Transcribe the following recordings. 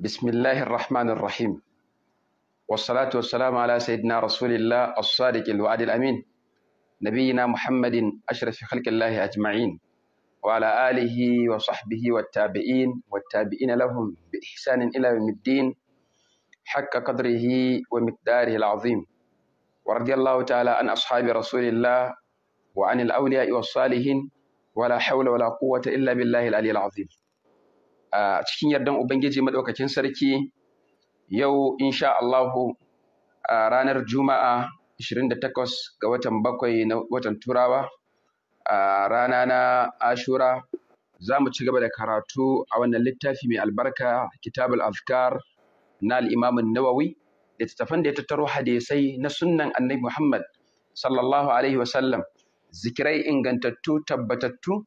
بسم الله الرحمن الرحيم والصلاة والسلام على سيدنا رسول الله الصادق الوعد الأمين نبينا محمد أشرف خلق الله أجمعين وعلى آله وصحبه والتابعين والتابعين لهم بإحسان إلى يوم الدين حق قدره ومقداره العظيم ورضي الله تعالى عن أصحاب رسول الله وعن الأولياء والصالحين ولا حول ولا قوة إلا بالله العلي العظيم a cikin yardan ubangiji madaukakin sarki yau insha Allahu a ranar juma'a 28 ga watan bakwai na watan turawa a rana na ashura za mu ci gaba da karatu a wannan littafi mai albarka kitabul afkar na al'imamin nawawi da tattafan da ya tattaro hadisai na sunnan annabi muhammad sallallahu alaihi wasallam zikirai ingantattu tabbatattu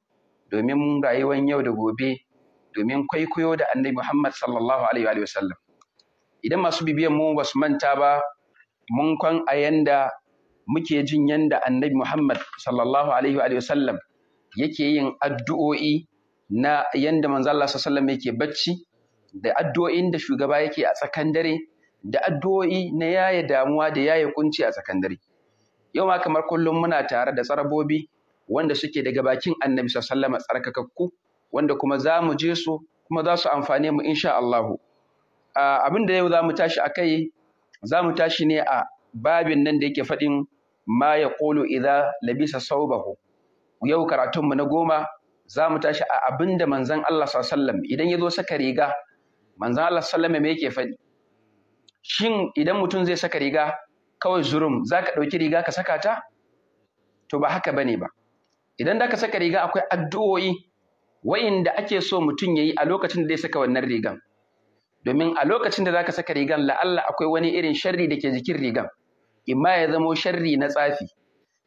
domin rayuwar yau da gobe domin kwaikwayo da annabi Muhammad sallallahu alaihi wa sallam idan masu bibiyan mu basu manta ba mun kwan a yanda muke jin yanda annabi Muhammad sallallahu alaihi wa sallam yake yin addu'o'i na yanda manzo Allah sallallahu alaihi yake bacci da addu'o'in da shugaba yake a tsakan da addu'o'i na yaya damuwa da yaya kunci a tsakan yau ma kamar kullum muna tare da tsarabobi wanda suke daga bakin annabi sallallahu alaihi wa sallam tsarkakakku wanda kuma za mu je su kuma za su amfane mu insha Allahu. Abin da yau za mu tashi a kai, za mu tashi ne a babin nan da yake faɗin ma ya ƙolo idan labisa saubahu. Yau karatunmu na goma za mu tashi a abin da manzan Allah sallam idan ya zo saka riga, manzan Allah sallam me yake faɗi. Shin idan mutum zai saka riga kawai zurum za ka ɗauki riga ka saka ta? To ba haka bane ba. Idan da ka saka riga akwai addu'o'i wa'inda ake so mutum ya yi a lokacin da zai saka wannan rigan domin a lokacin da zaka saka rigan la'alla akwai wani irin sharri da ke jikin rigan imma ya zamo sharri na tsafi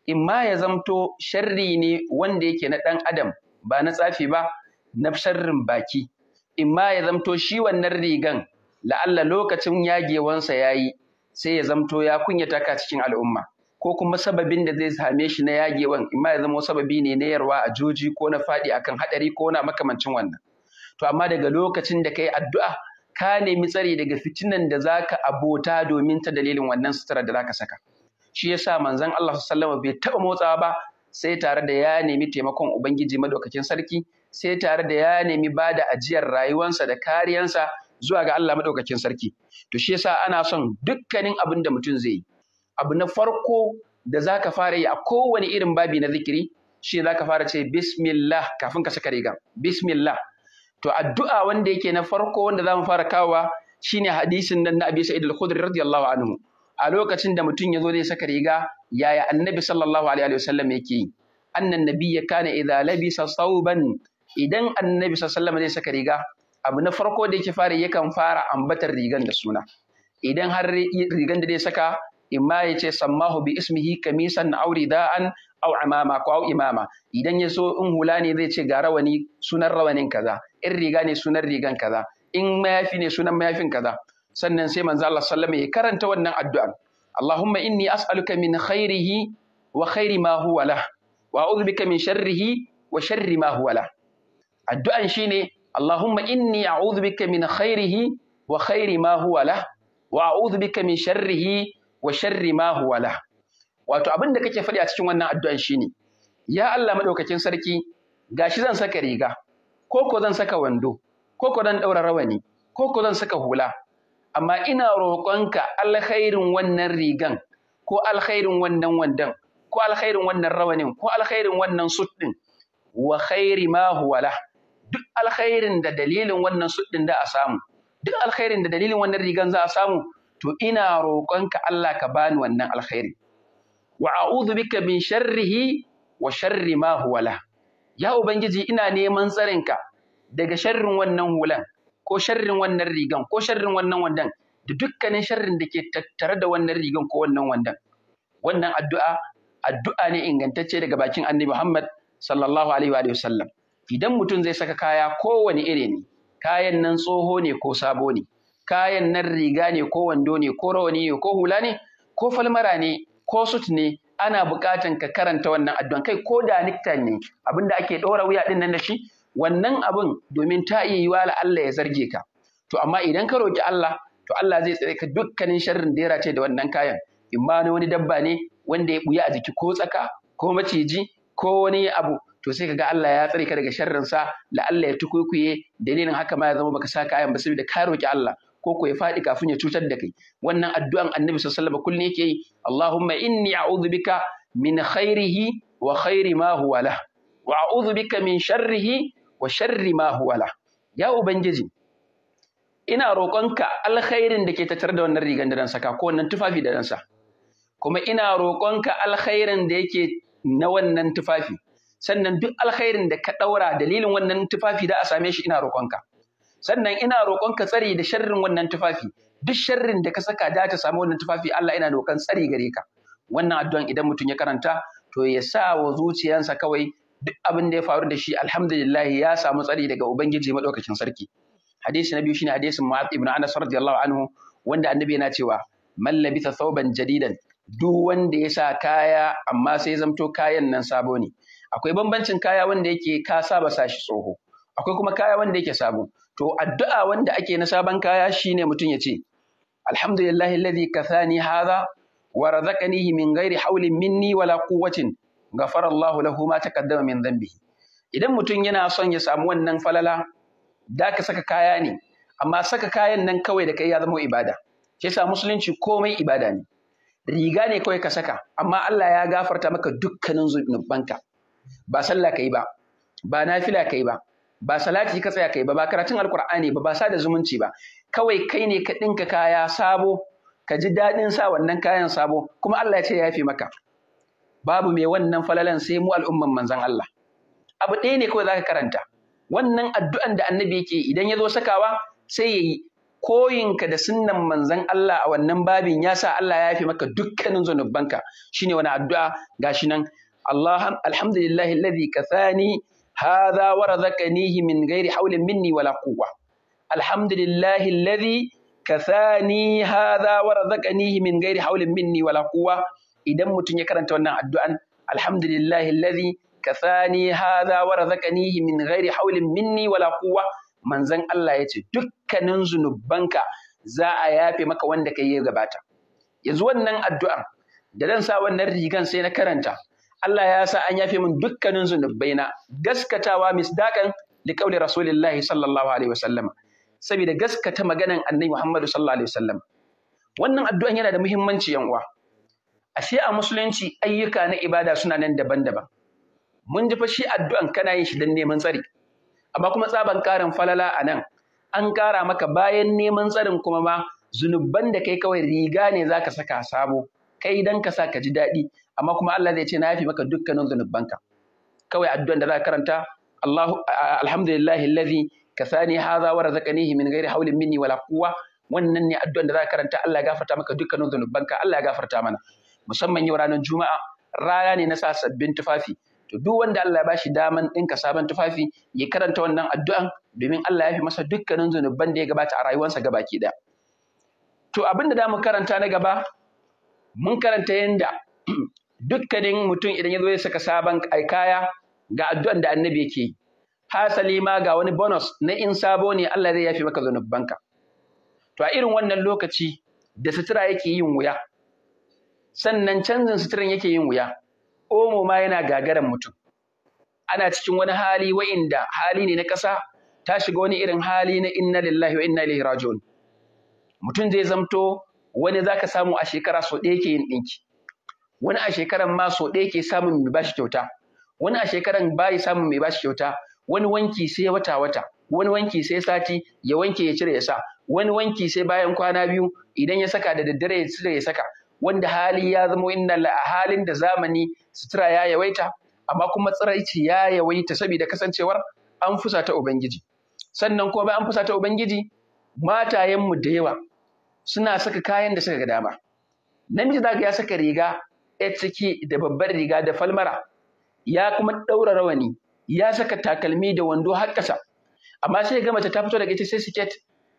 imma ya zamto sharri ne wanda yake na ɗan adam ba na tsafi ba na sharrin baki imma ya zamto shi wannan rigan la'alla lokacin yagewansa ya yi sai ya zamto ya kunyata ka cikin al'umma ko kuma sababin da zai same shi na yagewan imma ya zama sababi ne na yarwa a joji ko na faɗi akan haɗari ko na makamancin wannan to amma daga lokacin da kai addu'a ka nemi tsari daga fitinan da zaka abota domin ta dalilin wannan sutura da zaka saka shi yasa manzon Allah sallallahu alaihi bai taɓa motsawa ba sai tare da ya nemi taimakon ubangiji madaukakin sarki sai tare da ya nemi bada ajiyar rayuwarsa da kariyansa zuwa ga Allah madaukakin sarki to shi yasa ana son dukkanin abin da mutum zai yi abu na farko da za ka fara yi a kowane irin babi na zikiri shi za ka fara ce bismillah kafin ka saka riga bismillah to addu'a wanda yake na farko wanda za mu fara kawa shine hadisin nan na Abi Sa'id al-Khudri radiyallahu anhu a lokacin da mutum ya zo zai saka riga yaya annabi sallallahu alaihi wasallam yake yi annan nabiyya kana idza labisa sauban idan annabi sallallahu alaihi zai saka riga abu na farko da yake fara yakan fara ambatar rigan da suna idan har rigan da zai saka imma ya ce sammahu bi ismihi kamisan aw rida'an aw amama ko aw imama idan ya so in hula ne zai ce ga rawani sunan rawanin kaza in riga ne sunan rigan kaza in mayafi ne sunan mayafin kaza sannan sai manzo Allah sallama ya karanta wannan addu'an Allahumma inni as'aluka min khairihi wa khairi ma huwa lah wa a'udhu bika min sharrihi wa sharri ma huwa lah addu'an shine Allahumma inni a'udhu bika min khairihi wa khairi ma huwa lah wa a'udhu bika min sharrihi wa sharri ma huwa la wato abin da kake faɗi a cikin wannan addu'an shine ya Allah madaukakin sarki gashi zan saka riga ko ko zan saka wando ko ko zan daura rawani ko ko zan saka hula amma ina roƙonka alkhairin wannan rigan ko alkhairin wannan wandan ko alkhairin wannan rawanin ko alkhairin wannan suɗin wa khairi ma huwa la duk alkhairin da dalilin wannan suɗin da a samu duk alkhairin da dalilin wannan rigan za a samu to ina roƙonka Allah ka bani wannan alkhairi wa a'udhu bika min sharrihi wa sharri ma huwa la ya ubangiji ina neman tsarinka daga sharrin wannan hulan ko sharrin wannan rigan ko sharrin wannan wandan da dukkanin sharrin da ke tattare da wannan rigan ko wannan wandan wannan addu'a addu'a ne ingantacce daga bakin annabi Muhammad sallallahu alaihi wa sallam idan mutum zai saka kaya kowane iri ne kayan nan tsoho ne ko sabo ne kayan nan riga ne ko wando ne ko rawani ne ko hula ne ko falmara ne ko sut ne ana buƙatan ka karanta wannan addu'an kai ko da nikta ne abin da ake ɗora wuya ɗin nan da shi wannan abin domin ta iya yiwa Allah ya zarge ka to amma idan ka roki Allah to Allah zai tsare ka dukkanin sharrin da ya race da wannan kayan in ma wani dabba ne wanda ya buya a jiki ko tsaka ko maciji ko wani abu to sai kaga Allah ya tsare ka daga sharrin sa la Allah ya tukuikuye dalilin haka ma ya zama baka sa kayan ba saboda ka roki Allah ko ko ya faɗi kafin ya cutar da kai wannan addu'an annabi sallallahu alaihi wasallam yake yi Allahumma inni a'udhu bika min khairihi wa khairi ma huwa wa a'udhu bika min sharrihi wa sharri ma huwa lah ya ubangiji ina roƙonka alkhairin da ke tattare da wannan rigan da dan saka ko wannan tufafi da dan sa kuma ina roƙonka alkhairin da yake na wannan tufafi sannan duk alkhairin da ka ɗaura dalilin wannan tufafi da a same shi ina roƙonka sannan ina roƙon ka tsari da sharrin wannan tufafi duk sharrin da ka saka da ta samu wannan tufafi Allah ina roƙon tsari gare ka wannan addu'an idan mutum ya karanta to ya sa wa zuciyansa kawai duk abin da ya faru da shi alhamdulillah ya samu tsari daga ubangiji madaukakin sarki hadisi na biyu shine hadisin Mu'adh ibn Anas radiyallahu anhu wanda annabi yana cewa man labisa thawban jadidan duk wanda ya sa kaya amma sai zamto kayan nan sabo ne akwai bambancin kaya wanda yake ka saba sashi tsoho akwai kuma kaya wanda yake sabo to addu'a wanda ake na sabon kaya shine mutum ya ce alhamdulillahi alladhi kasani hadha wa razaqanihi min ghairi haulin minni wala quwwatin ghafara Allahu lahu ma taqaddama min dhanbi idan mutum yana son ya samu wannan falala da ka saka kaya ne amma saka kayan nan kawai da kai ya zama ibada shi yasa musulunci komai ibada ne riga ne kawai ka saka amma Allah ya gafarta maka dukkanin zunubanka ba sallah kai ba ba nafila kai ba ba salati ka tsaya kai ba ba karatun alkur'ani ba ba sada zumunci ba kawai kai ne ka ɗinka kaya sabo ka ji daɗin sa wannan kayan sabo kuma Allah ya ce ya fi maka babu mai wannan falalan sai mu al'umman manzon Allah abu ɗaya ne kawai zaka karanta wannan addu'an da annabi yake idan ya zo sakawa sai ya yi koyinka da sunnan manzon Allah a wannan babin ya sa Allah ya fi maka dukkanin zunubanka shine wani addu'a gashi nan Allah alhamdulillahi alladhi kasani hadha wa razaqanihi min ghairi hawlin minni wala quwwa alhamdulillahi alladhi kathani hadha wa razaqanihi min ghairi hawlin minni wala quwwa idan mutum ya karanta wannan addu'an alhamdulillahi alladhi kathani hadha wa razaqanihi min ghairi hawlin minni wala quwwa manzon Allah ce dukkanin zunubanka za a yafe maka wanda kai ya gabata yanzu wannan addu'an da zan sa wannan rigan sai na karanta Allah ya sa an yafe min dukkanin zunubaina gaskatawa misdakan liqauli rasulillahi sallallahu alaihi wasallam saboda gaskata maganan annabi Muhammadu sallallahu alaihi wasallam wannan addu'an yana da muhimmanci yan uwa ashe a musulunci ayyuka na ibada suna nan daban-daban mun ji fa shi addu'an kana yin shi dan neman tsari amma kuma tsaban karin falala a nan an kara maka bayan neman tsarin kuma ma zunuban da kai kawai riga ne zaka saka sabo kai dan ka sa ka ji daɗi amma kuma Allah zai ce na yafi maka dukkanin zunubanka kawai addu'an da za ka karanta Allah alhamdulillahi allazi kasani hadha wa razaqanihi min ghairi hawlin minni wala quwwa wannan ne addu'an da za ka karanta Allah ya gafarta maka dukkanin zunubanka Allah ya gafarta mana musamman yau ranar juma'a rana ne na sa sabbin tufafi to duk wanda Allah ya bashi daman ka sabon tufafi ya karanta wannan addu'an domin Allah ya fi masa dukkanin zunuban da ya gabata a rayuwarsa gabaki ɗaya to abin da mu karanta na gaba mun karanta yanda dukkanin mutum idan ya zo ya saka sabon kaya ga addu'an da annabi yake yi hasali ma ga wani bonus na in sabo ne Allah zai yafi maka zanubanka to a irin wannan lokaci da sutura yake yin wuya sannan canjin suturan yake yin wuya omo ma yana gagaran mutum ana cikin wani hali wa'inda hali ne na ƙasa ta shiga wani irin hali na inna lillahi wa inna ilaihi raji'un mutum zai zamto wani zaka samu a shekara sau ɗaya ke yin ɗinki wani a shekaran ma so ɗaya ke samun mai bashi kyauta wani a shekaran bayi samun mai bashi kyauta wani wanki sai wata wata wani wanki sai sati ya wanke ya cire ya sa wani wanki sai bayan kwana biyu idan ya saka da daddare ya cire ya saka wanda hali ya zama inna la halin da zamani sutura ya yawaita amma kuma tsiraici ya yawaita saboda kasancewar an fusa ta ubangiji sannan kuma an fusa ta ubangiji matayenmu da yawa suna saka kayan da suka ga dama namiji zaka ya saka riga yar da babbar riga da falmara ya kuma ɗaura rawani ya saka takalmi da wando har ƙasa amma sai ga mace ta fito daga ita sai siket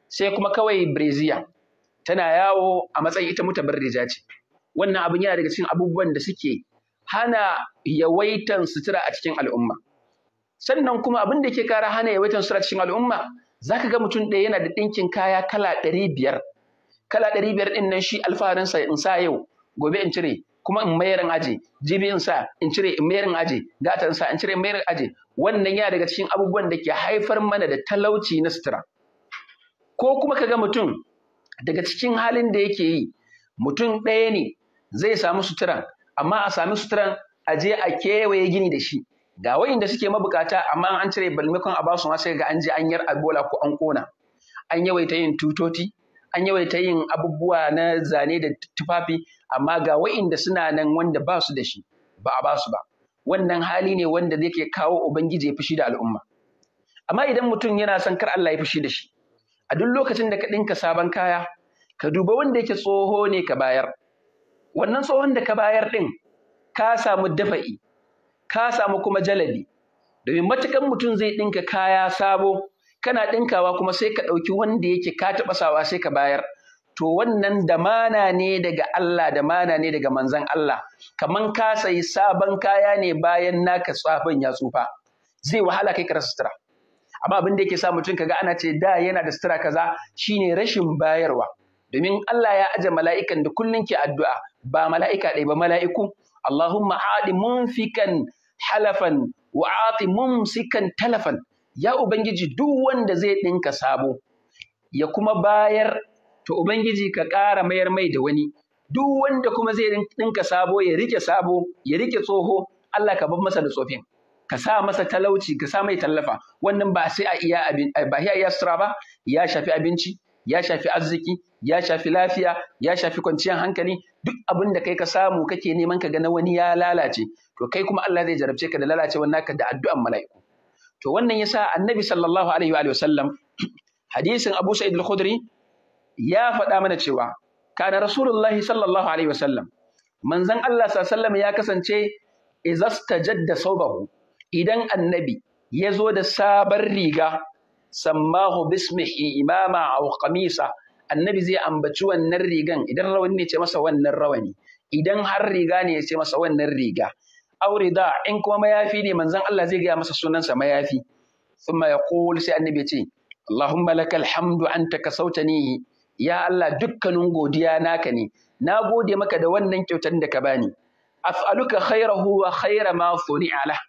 sai kuma kawai breziya tana yawo a matsayin ita bar riga ce wannan abin yana daga cikin abubuwan da suke hana yawaitan sutura a cikin al'umma sannan kuma abin da ke kara hana yawaitan sutura a cikin al'umma zaka ga mutum ɗaya yana da ɗinkin kaya kala ɗari biyar kala ɗari biyar ɗin nan shi alfaharinsa in sa yau gobe in cire kuma in mayar in aji. Jibin sa in cire in mayar in aje in sa in cire in mayar wannan ya daga cikin abubuwan da ke haifar mana da talauci na sutura ko kuma ka ga mutum daga cikin halin da yake yi mutum ɗaya ne zai samu suturan amma a sami suturan a je a kewaye gini da shi ga wa'inda suke mabukata amma an cire balmikon a basu ma sai ga an je an yar agola ko an kona an yawaita yin tutoti an yawaita yin abubuwa na zane da tufafi amma ga wa'inda suna nan wanda ba su da shi ba a ba su ba wannan hali ne wanda zai ke kawo ubangiji ya fushi da al'umma amma idan mutum yana son kar Allah ya fushi da shi a duk lokacin da ka ɗinka sabon kaya ka duba wanda yake tsoho ne ka bayar wannan tsohon da ka bayar ɗin ka samu dafa'i ka samu kuma jalabi domin matukan mutum zai ɗinka kaya sabo kana ɗinkawa kuma sai ka ɗauki wanda yake ka taɓa sawa sai ka bayar to wannan damana ne daga Allah mana ne daga manzan Allah Kamar ka sayi sabon kaya ne bayan naka tsafin ya tsufa zai wahala kai ka rasa sutura amma abin da yake sa mutum kaga ana ce da yana da sutura kaza shine rashin bayarwa domin Allah ya aje mala'ikan da kullun ke addu'a ba mala'ika ɗaya ba mala'iku Allahumma aadi munfikan halafan wa aati mumsikan talafan ya ubangiji duk wanda zai ɗinka sabo ya kuma bayar to Ubangiji ka ƙara mayar mai da wani duk wanda kuma zai ɗinka sabo ya rike sabo ya rike tsoho Allah ka bar masa da tsofin ka sa masa talauci ka sa mai tallafa wannan ba sai a iya eh, ba iya sutura ba ya shafi abinci ya shafi arziki ya shafi lafiya ya shafi kwanciyar hankali duk abin da kai ka samu kake neman ka ga na wani ya lalace to kai kuma Allah zai jarabce ka da lalacewar naka da addu'an mala'iku to wannan yasa annabi sallallahu alaihi wa sallam hadisin Abu Sa'id al-Khudri ya faɗa mana cewa kana rasulullahi sallallahu alaihi wasallam manzon Allah sallallahu ya kasance izastajadda saubahu idan annabi ya zo da sabar riga sammahu bismihi imama aw qamisa annabi zai ambaci wannan rigan idan rawani ne ce masa wannan rawani idan har riga ne ya ce masa wannan riga aure da in kuma mayafi ne manzon Allah zai gaya masa sunansa mayafi thumma yaqul sai annabi ce Allahumma lakal hamdu anta ya Allah dukkanin godiya naka ne na gode maka da wannan kyautar da ka bani af'aluka khairahu wa khaira ma suni'a lah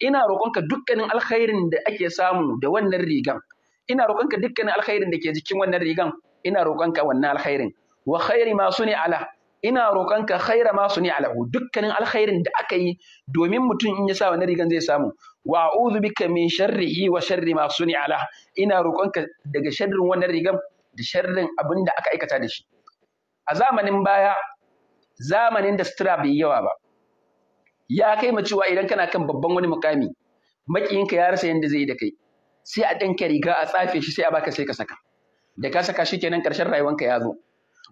ina roƙonka dukkanin alkhairin da ake samu da wannan rigan ina roƙonka dukkanin alkhairin da ke jikin wannan rigan ina roƙonka wannan alkhairin wa khairi ma suni'a lah ina roƙonka khaira ma suni'a lahu dukkanin alkhairin da aka yi domin mutum in ya sa wannan rigan zai samu wa a'udhu bika min sharrihi wa sharri ma suni'a lah ina roƙonka daga sharrin wannan rigan da sharrin abin da aka aikata da shi a zamanin baya zamanin da sutura bai yawa ba ya kai mu cewa idan kana kan babban wani mukami makiyinka ya rasa yanda zai yi da kai sai a ɗinka riga a tsafe shi sai a baka sai ka saka da ka saka shi kenan ƙarshen rayuwanka ya zo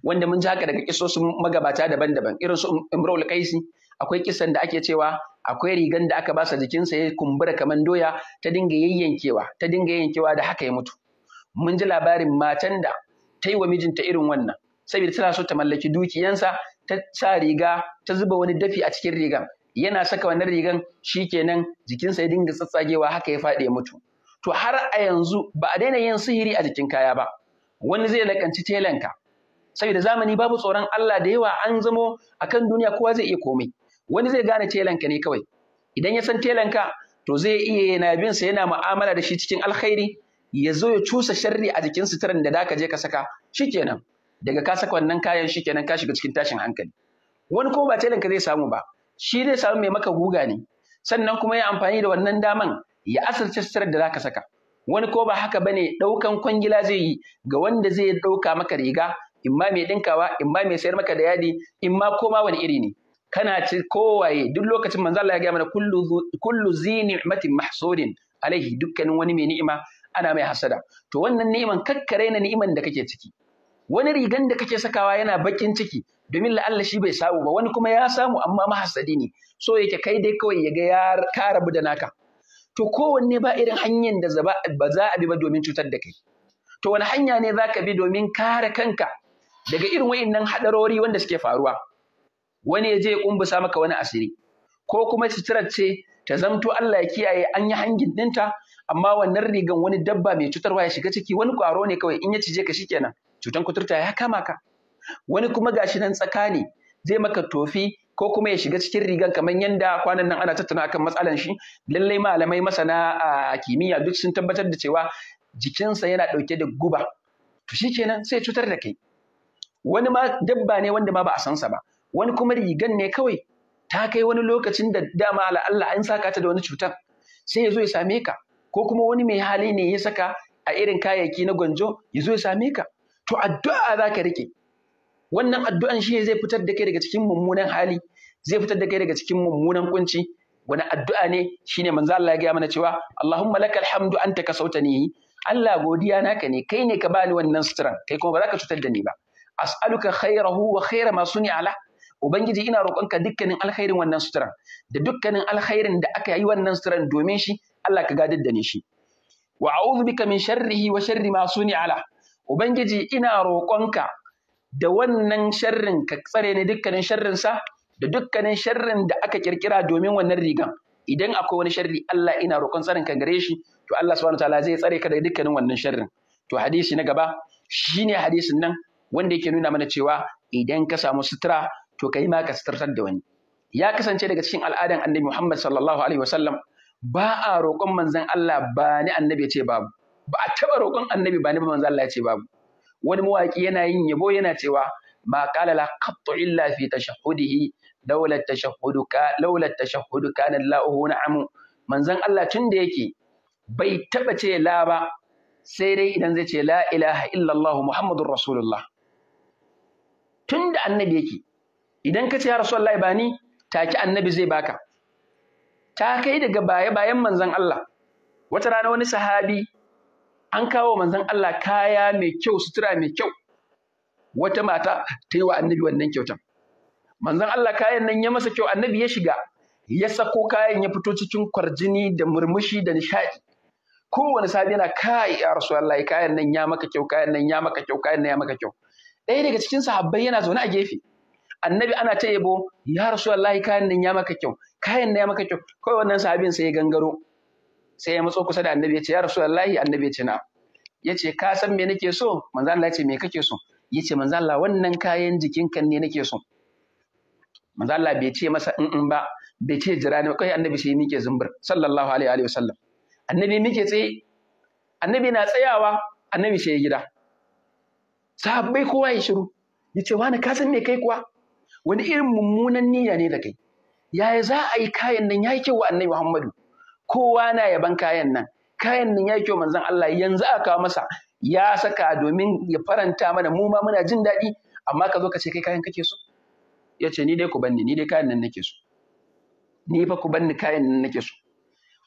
wanda mun ji haka daga kisosin magabata daban-daban irin su Imrul Qaisi akwai kisan da ake cewa akwai rigan da aka basa jikinsa ya kumbura kamar doya ta dinga yayyankewa ta dinga yayyankewa da haka ya mutu mun ji labarin matan da ta yi wa mijinta irin wannan saboda tana so ta mallaki dukiyansa ta sa riga ta zuba wani dafi a cikin rigan yana saka wannan rigan shi shikenan jikinsa ya dinga tsatsagewa haka ya faɗi ya mutu to har a yanzu ba a daina yin sihiri a jikin kaya ba wani zai lakanci telanka saboda zamani babu tsoron Allah da yawa an zamo akan duniya kowa zai iya komai wani zai gane telanka ne kawai idan ya san telanka to zai iya yana bin sa yana mu'amala da shi cikin alkhairi ya zo ya cusa sharri a jikin suturan da za ka je ka saka kenan, daga ka saka wannan kayan shikenan ka shiga cikin tashin hankali wani kuma ba telan ka zai samu ba shi zai samu mai maka guga ne sannan kuma ya amfani da wannan daman ya asirce suturar da za ka saka wani ko ba haka bane ɗaukan kwangila zai yi ga wanda zai ɗauka maka riga imma mai ɗinkawa imma mai sayar maka da yadi imma koma wani iri ne kana ci kowaye duk lokacin manzo Allah ya ga mana kullu kullu zi mahsudin alaihi dukkanin wani mai ni'ima ana mai hasada to wannan ni'iman kakkare na neman da kake ciki wani rigan da kake sakawa yana bakin ciki domin la'alla shi bai samu ba wani kuma ya samu amma mahasadi ne so yake kai dai kawai ya ga ya kara rabu da naka to kowanne ba irin hanyar da ba za a bi ba domin cutar da kai to wani hanya ne za ka bi domin kare kanka daga irin wayannan hadarori wanda suke faruwa wani ya je ya kumbusa maka wani asiri ko kuma suturar ce ta zamto Allah ya kiyaye an yi hangin dinta amma wannan rigan wani dabba mai cutarwa ya shiga ciki wani ƙwaro ne kawai in ya cije ka shikenan cutan kuturta ya kama ka wani kuma gashi nan tsakani zai maka tofi ko kuma ya shiga cikin rigan kamar yanda kwanan nan ana tattauna akan matsalan shi lallai malamai masana a kimiyya duk sun tabbatar da cewa jikinsa yana ɗauke da guba to shikenan sai cutar da kai wani ma dabba ne wanda ma ba a san sa ba wani kuma rigan ne kawai ta kai wani lokacin da dama Allah an saka ta da wani cutan sai ya zo ya same ka ko kuma wani mai hali ne ya saka a irin kayayyaki na gwanjo ya zo ya same ka to addu'a za ka rike wannan addu'an shi ne zai fitar da kai daga cikin mummunan hali zai fitar da kai daga cikin mummunan kunci wani addu'a ne shine manzo Allah ya gaya mana cewa Allahumma lakal hamdu anta kasautani Allah godiya naka ne kai ne ka bani wannan suturan kai kuma ba za ka cutar da ni ba as'aluka khairahu wa khaira ma suni ala ubangiji ina roƙonka dukkanin alkhairin wannan suturan da dukkanin alkhairin da aka yi wannan suturan domin shi Allah ka gadar da ni shi wa a'udhu bika min sharrihi wa sharri ma ala ubangiji ina roƙonka da wannan sharrin ka tsare ni dukkanin sharrin sa da dukkanin sharrin da aka kirkira domin wannan rigan idan akwai wani sharri Allah ina roƙon tsarin ka gare shi to Allah subhanahu wataala zai tsare ka daga dukkanin wannan sharrin to hadisi na gaba shine hadisin nan wanda yake nuna mana cewa idan ka samu sutura to kai ma ka suturtar da wani ya kasance daga cikin al'adan annabi Muhammad sallallahu alaihi wasallam ba a roƙon manzan Allah ba ni annabi ce babu ba a taɓa roƙon annabi ba ni manzan Allah ce babu wani mawaƙi yana yin yabo yana cewa ma qala la qattu illa fi tashahhudihi laula tashahhuduka laula kana Allahu na'amu manzan Allah tun da yake bai taɓa ce la ba sai dai idan zai ce la ilaha Allah muhammadur rasulullah tun da annabi yake idan ka ce ya rasulullahi ba ni take annabi zai baka ta kai daga baya bayan manzon Allah wata rana wani sahabi an kawo manzon Allah kaya mai kyau sutura mai kyau wata mata ta yi wa annabi wannan kyautan manzon Allah kayan nan ya masa kyau annabi ya shiga ya sako kayan ya fito cikin kwarjini da murmushi da nishaɗi kowane sahabi yana kai ya rasulullahi kayan nan ya maka kyau kayan nan ya maka kyau kayan nan ya maka kyau ɗaya daga cikin sahabbai yana zaune a gefe annabi ana ta yabo ya rasulullahi kayan nan ya maka kyau kayan nan ya maka kyau kawai wannan sahabin sai ya gangaro sai ya matso kusa da annabi ya ce ya rasulullahi annabi ya ce na ya ce ka san me nake so manzo Allah ya ce me kake so ya ce manzo Allah wannan kayan jikin kan ne nake so manzo Allah bai ce masa in mm, in mm, ba bai ce jira ne kai annabi sai mike zumbur sallallahu alaihi wa sallam annabi mike tsaye annabi na tsayawa annabi sai gida sahabbai kowa ya shiru ya ce wani ka san me kai kuwa wani irin mummunan niyya ne da kai yaya za a yi kayan nan ya yi kyau wa annabi Muhammadu kowa na yaban kayan nan kayan nan ya yi kyau manzon Allah yanzu a kawo masa ya saka domin ya faranta mana mu ma muna jin daɗi amma ka zo ka ce kai kayan kake so ya ce ni dai ku banni ni dai kayan nan nake so ni fa ku banni kayan nan nake so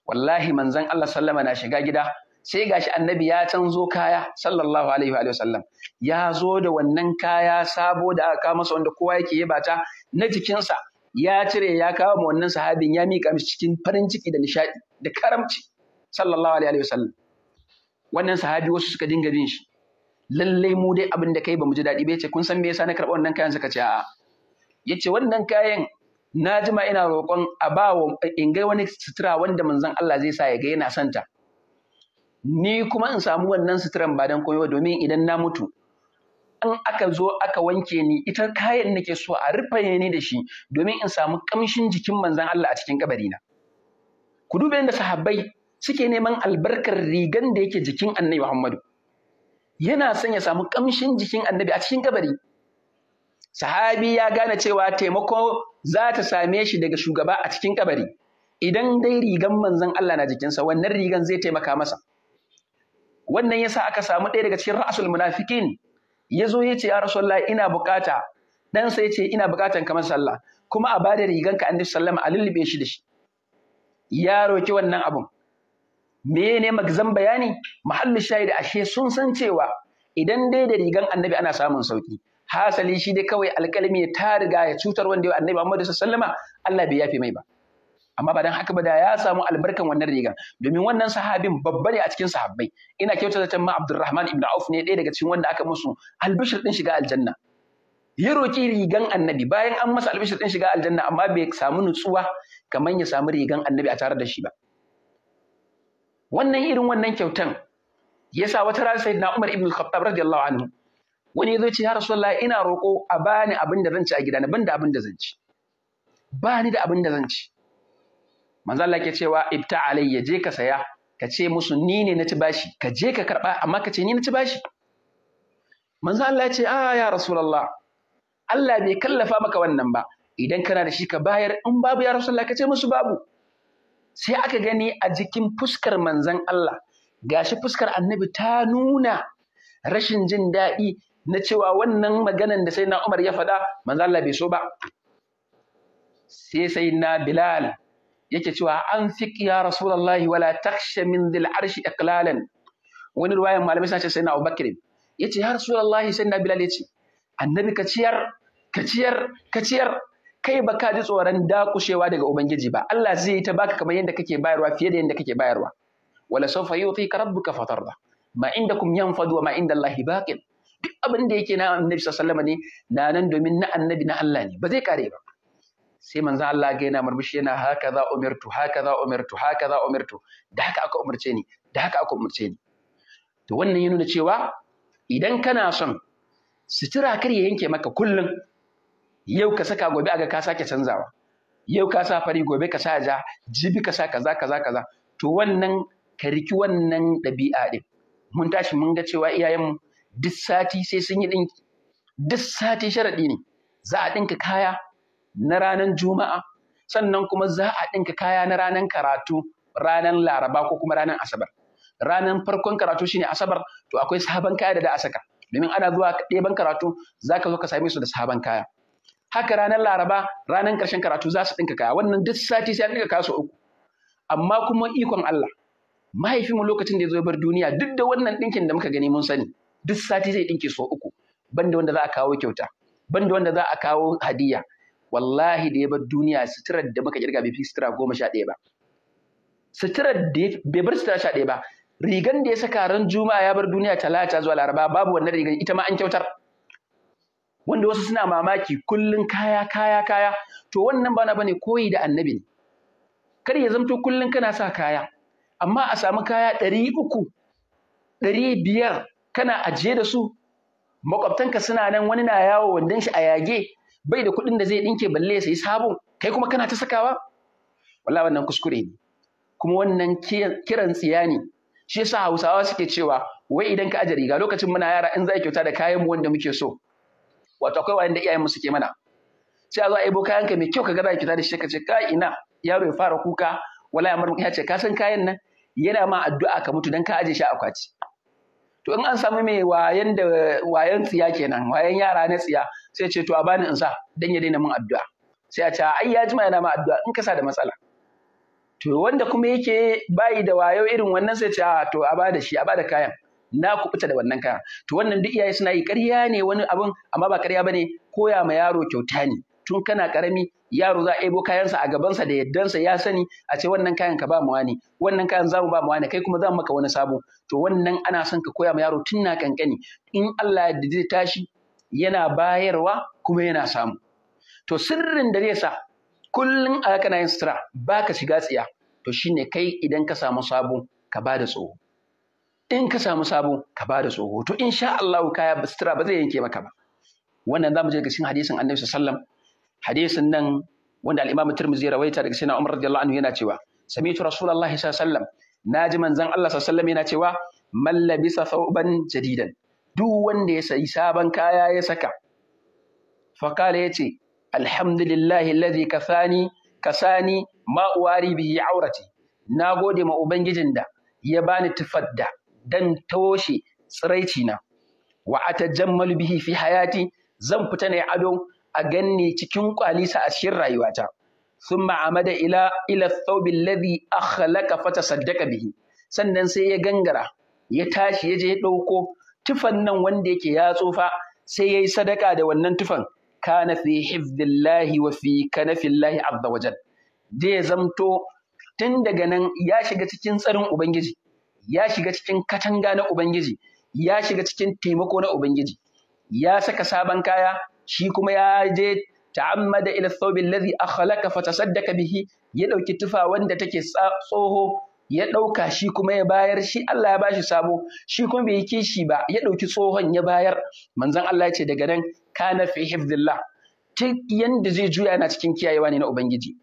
wallahi manzon Allah sallama na shiga gida sai gashi annabi ya canzo kaya sallallahu alaihi wa sallam ya zo da wannan kaya sabo da aka masa wanda kowa yake yaba ta na jikinsa ya cire ya kawo ma wannan sahabin ya mika mishi cikin farin ciki da nishaɗi da karamci sallallahu alaihi wa sallam wannan sahabi wasu suka dinga bin shi lallai mu dai abin da kai mu ji daɗi ba yace kun san me yasa na karɓa wannan kayan suka ce a'a yace wannan kayan na jima ina roƙon a ba wa in ga wani sutura wanda manzon Allah zai sa ya ga yana santa ni kuma in samu wannan suturan ba dan koyo domin idan na mutu in aka zo aka wanke ni ita kayan nake so a rufe ni da shi domin in samu kamshin jikin manzon Allah a cikin kabarina ku dube inda sahabbai suke neman albarkar rigan da yake jikin Annabi Muhammadu yana son ya samu kamshin jikin Annabi a cikin kabari sahabi ya gane cewa taimako za ta same shi daga shugaba a cikin kabari idan dai rigan manzon Allah na jikinsa wannan rigan zai taimaka masa wannan yasa aka samu ɗaya daga cikin ra'asul munafikin ya zo ya ce ya rasulullah ina bukata Dan sai ce ina bukatan kamar sallah kuma a bada ka annabi sallama a lullube shi da shi ya roki wannan abun me ne magzan bayani mahallu shahid ashe sun san cewa idan dai da rigan annabi ana samun sauki hasali shi dai kawai alƙalmi ta riga ya cutar wanda annabi Muhammad sallama Allah bai yafe mai ba amma ba dan haka ba da ya samu albarkan wannan rigan domin wannan sahabin babba ne a cikin sahabbai ina kyautata da ma Abdurrahman ibn Auf ne ɗaya daga cikin wanda aka musu albishir din shiga aljanna ya roki rigan annabi bayan an masa albishir din shiga aljanna amma bai samu nutsuwa kamar ya samu rigan annabi a tare da shi ba wannan irin wannan kyautan yasa wata rana sayyidina Umar ibn Khattab radiyallahu anhu wani ya ce ya rasulullahi ina roko a bani abin da zan ci a gidana banda abin da zan ci bani da abin da zan ci manzo Allah yake cewa ibta alayya je ka saya ka ce musu ni ne na ci bashi ka je ka karba amma ka ce ni na ci bashi manzo Allah ya ce a ah, ya rasulullah Allah bai kallafa maka wannan ba idan kana da shi ka bayar in babu ya rasulullah ka ce musu babu sai aka gani a jikin fuskar manzon Allah gashi fuskar annabi ta nuna rashin jin daɗi na cewa wannan maganar da sai na Umar ya faɗa manzo Allah bai so ba sai sai na Bilal yake cewa an fi ya rasulallahi wala taksha min dhil arshi iqlalan wani ruwayan malamai sace sai na Abubakar yace ya rasulullahi sai na Bilal yace annabi ka ciyar ka ciyar ka ciyar kai ba ka ji tsoron dakushewa daga ubangiji ba Allah zai yi ta baka kamar yadda kake bayarwa fiye da yadda kake bayarwa wala sawfa ka rabbuka fatarda ma indakum yanfadu wa ma inda Allah baqin duk abin da yake na annabi sallallahu alaihi wasallam ne na nan domin na annabi na Allah ne ba zai kare ba sai manzo Allah ga yana murmushi yana haka za umirtu haka za umirtu haka za umirtu da haka aka umarce ni da haka aka umarce ni to wannan ya nuna cewa idan kana son sutura kar ya yanke maka kullum yau ka saka gobe aga ka sake canzawa yau ka sa fari gobe ka sa ja jibi ka sa kaza kaza kaza to wannan ka riki wannan ɗabi'a din mun tashi mun ga cewa iyayenmu duk sati sai sun yi ɗinki duk sati sharaɗi ne za a ɗinka kaya na ranar juma'a sannan kuma za a ɗinka kaya na ranar karatu ranar laraba ko kuma ranar asabar ranar farkon karatu shine asabar to akwai sabon kaya da da a saka domin ana zuwa ɗeban karatu za ka zo ka same su da sabon kaya haka ranar laraba ranar ƙarshen karatu za su ɗinka kaya wannan duk sati sai an ɗinka kaya su uku amma kuma ikon Allah mahaifinmu lokacin da ya zo bar duniya duk da wannan ɗinkin da muka gani mun sani duk sati zai ɗinke so uku banda wanda za a kawo kyauta banda wanda za a kawo hadiya wallahi da ya bar duniya suturar da muka kirga bai fi sutura goma sha ɗaya ba suturar da bai bar sutura sha ɗaya ba rigan da ya saka ran juma'a ya bar duniya talata zuwa laraba babu wannan rigan ita ma an kyautar wanda wasu suna mamaki kullum kaya kaya kaya to wannan bana bane koyi da annabi ne kar ya zamto kullun kana sa kaya amma a samu kaya ɗari uku ɗari biyar kana ajiye da su makwabtanka suna nan wani na yawo wandon shi a yage bai da kuɗin da zai ɗinke balle ya sayi sabon kai kuma kana ta sakawa walla wannan kuskure ne kuma wannan kiran tsiya ne shi yasa Hausawa suke cewa wai idan ka aje riga lokacin muna yara in za kyauta da kayan mu wanda muke so wato akwai wanda iyayen mu suke mana sai a zo a ibo kayan ka mai kyau kaga za kyauta da shi ka ce ka ina yaro ya fara kuka wala ya marmuka ya ce ka san kayan nan yana ma addu'a ka mutu dan ka aje shi a kwaci to in an samu mai wayan da wayan tsiya kenan wayan yara na tsiya sai ce to a bani in sa dan ya daina min addu'a sai a ce ai ya jima yana ma addu'a in kasa da matsala to wanda kuma yake bayi da wayo irin wannan sai ce a to a bada shi a bada kayan na kubuta da wannan kayan to wannan duk iyaye suna yi ƙarya ne wani abun amma ba ƙarya bane koya ma yaro kyauta ne tun kana karami yaro za a ebo kayansa a gabansa da yaddansa ya sani a ce wannan kayan ka ba mu wani wannan kayan za mu ba mu wani kai kuma za mu maka wani sabo to wannan ana son ka koya ma yaro tun na kankani in Allah ya zai tashi yana bayarwa kuma yana samu to sirrin da zai sa kullum a kana yin sutura ka shiga tsiya to shi ne kai idan ka samu sabo ka ba da tsoho in ka samu sabo ka ba da tsoho to insha Allah kaya sutura ba zai yanke maka ba wannan za mu je ga cikin hadisin Annabi sallallahu alaihi wasallam hadisin nan wanda al-Imam Tirmidhi rawaita daga sayyidina Umar radiyallahu anhu yana cewa sami'tu Rasulullahi sallallahu alaihi wasallam naji manzon Allah sallallahu alaihi wasallam yana cewa man labisa thawban jadidan duk wanda ya sayi sabon kaya ya saka fakala ya ce alhamdulillahi ka kasani kasani ma uwari bihi aurati na gode ma ubangijin da ya bani tufadda dan toshe tsiraici na wa jammal bihi fi hayati zan fita ne ado a ganni cikin kwalisa a cikin rayuwata Sun amada ila ila a alladhi fata saddaka bihi sannan sai ya gangara ya tashi ya je ya ɗauko tufan nan wanda yake ya tsufa sai yayi sadaka da wannan tufan kana fi hifdillahi wa fi kanafillahi azza wajal ya zamto tun daga nan ya shiga cikin tsarin ubangiji ya shiga cikin katanga na ubangiji ya shiga cikin taimako na ubangiji ya saka sabon kaya shi kuma ya je ta'ammada ila thawbi alladhi akhlaqa fatasaddaka bihi ya dauki tufa wanda take tsoho ya ɗauka shi kuma ya bayar shi Allah ya bashi sabo shi kuma bai yi kishi ba ya ɗauki tsohon ya bayar manzon Allah ya ce daga nan kana fi hifdillah ta yanda zai juya yana cikin kiyayewa ne na ubangiji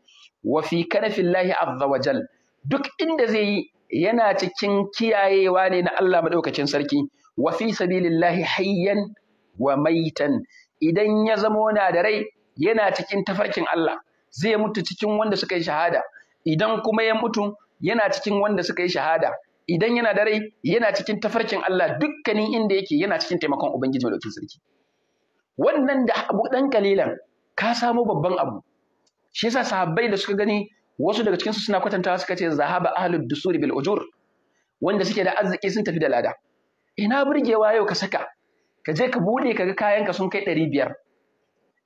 wa fi lahi azza duk inda zai yi yana cikin kiyayewa ne na Allah madaukakin sarki wa fi sabilillahi hayyan wa maitan idan ya zamo na da rai yana cikin tafarkin Allah zai mutu cikin wanda suka yi shahada idan kuma ya mutu yana cikin wanda suka yi shahada idan yana da rai yana cikin tafarkin Allah dukkanin inda yake yana cikin taimakon ubangiji madaukakin sarki wannan da abu dan kalilan ka samu babban abu shi yasa sahabbai da suka gani wasu daga cikinsu suna kwatantawa suka ce zahaba ahlud dusuri bil ujur wanda suke da arziki sun tafi da lada ina burgewa yau ka saka ka je ka bude kaga kayan kayanka sun kai ɗari biyar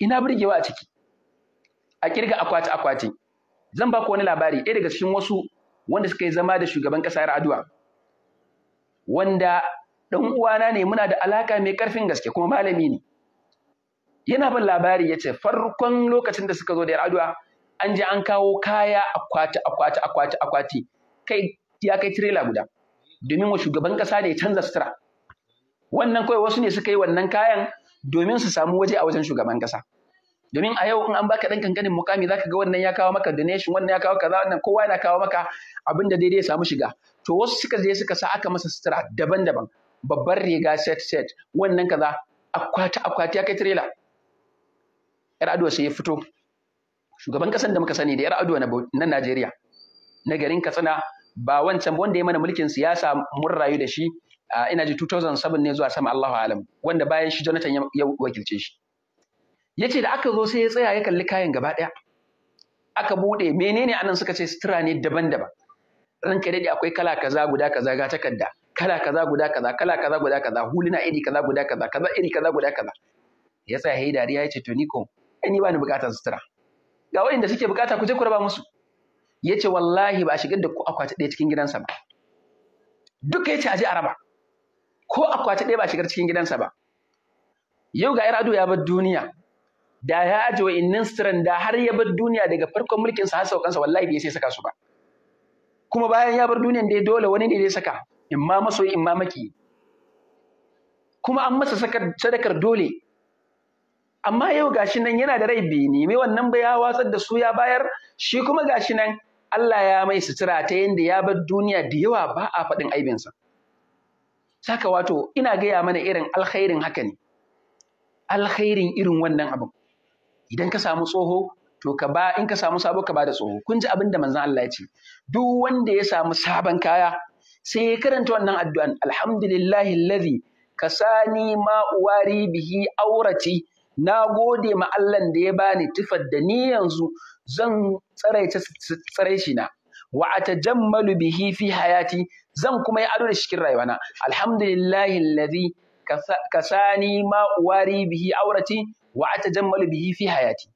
ina burgewa a ciki a kirga akwati akwati zan ba ku wani labari ɗaya daga cikin wasu wanda suka yi zama da shugaban ƙasa 'yar aduwa wanda dan uwana ne muna da alaka mai ƙarfin gaske kuma malami ne yana ban labari ya ce farkon lokacin da suka zo da Yar'adua an je an kawo kaya akwati akwati akwati akwati kai ya kai tirela guda domin wa shugaban ƙasa da ya canza sutura wannan kawai wasu ne suka yi wannan kayan domin su samu waje a wajen shugaban ƙasa domin a yau in an baka dan kankanin mukami zaka ga wannan ya kawo maka donation wannan ya kawo kaza wannan kowa yana kawo maka abin da daidai ya samu shiga to wasu suka je suka sa aka masa sutura daban-daban babbar riga set set wannan kaza akwati akwati ya kai trela yar ado sai ya fito shugaban kasan da muka sani da yar na Najeriya na garin Katsina ba wancan wanda ya mana mulkin siyasa mun rayu da shi ina ji 2007 ne zuwa sama Allahu alam wanda bayan shi Jonathan ya wakilce shi ya ce da aka zo sai ya tsaya ya kalli kayan gaba ɗaya aka buɗe menene anan suka ce sutura ne daban-daban ranka daɗe akwai kala kaza guda kaza ga takarda kala kaza guda kaza kala kaza guda kaza huluna iri kaza guda kaza kaza iri kaza guda kaza ya tsaya ya yi dariya ya ce to ni ko ai ni ni bukatar sutura ga waɗanda suke bukata ku je ku raba musu ya ce wallahi ba a shigar da ku akwati ɗaya cikin gidansa ba duka ya ce a je a raba ko akwati ɗaya ba a shigar cikin gidansa ba yau ga yar ado ya bar duniya da ya aje wa'innan siran da har ya bar duniya daga farkon mulkin sa har sa wallahi bai sai saka su ba kuma bayan ya bar duniyan ya dole wani ne zai saka in ma masoyi in ma maki kuma an masa sadakar dole amma yau gashi nan yana da rai bai nemi wannan ba ya watsar da su ya bayar shi kuma gashi nan Allah ya mai sutura ta yadda ya bar duniya da yawa ba a faɗin aibinsa. Saka wato ina gaya mana irin alkhairin haka ne, alkhairin irin wannan abin. idan ka samu tsoho to ka ba in ka samu sabo ka ba da tsoho kun ji abin da manzon Allah ya ce duk wanda ya samu sabon kaya sai ya karanta wannan addu'an alhamdulillahi allazi kasani ma uwari bihi aurati na gode ma Allah da ya bani tufar da ni yanzu zan tsaraice tsare shi na wa atajammalu bihi fi hayati zan kuma yi ado da cikin rayuwana alhamdulillahi allazi kasani ma uwari bihi aurati wa atajammalu bihi fi hayati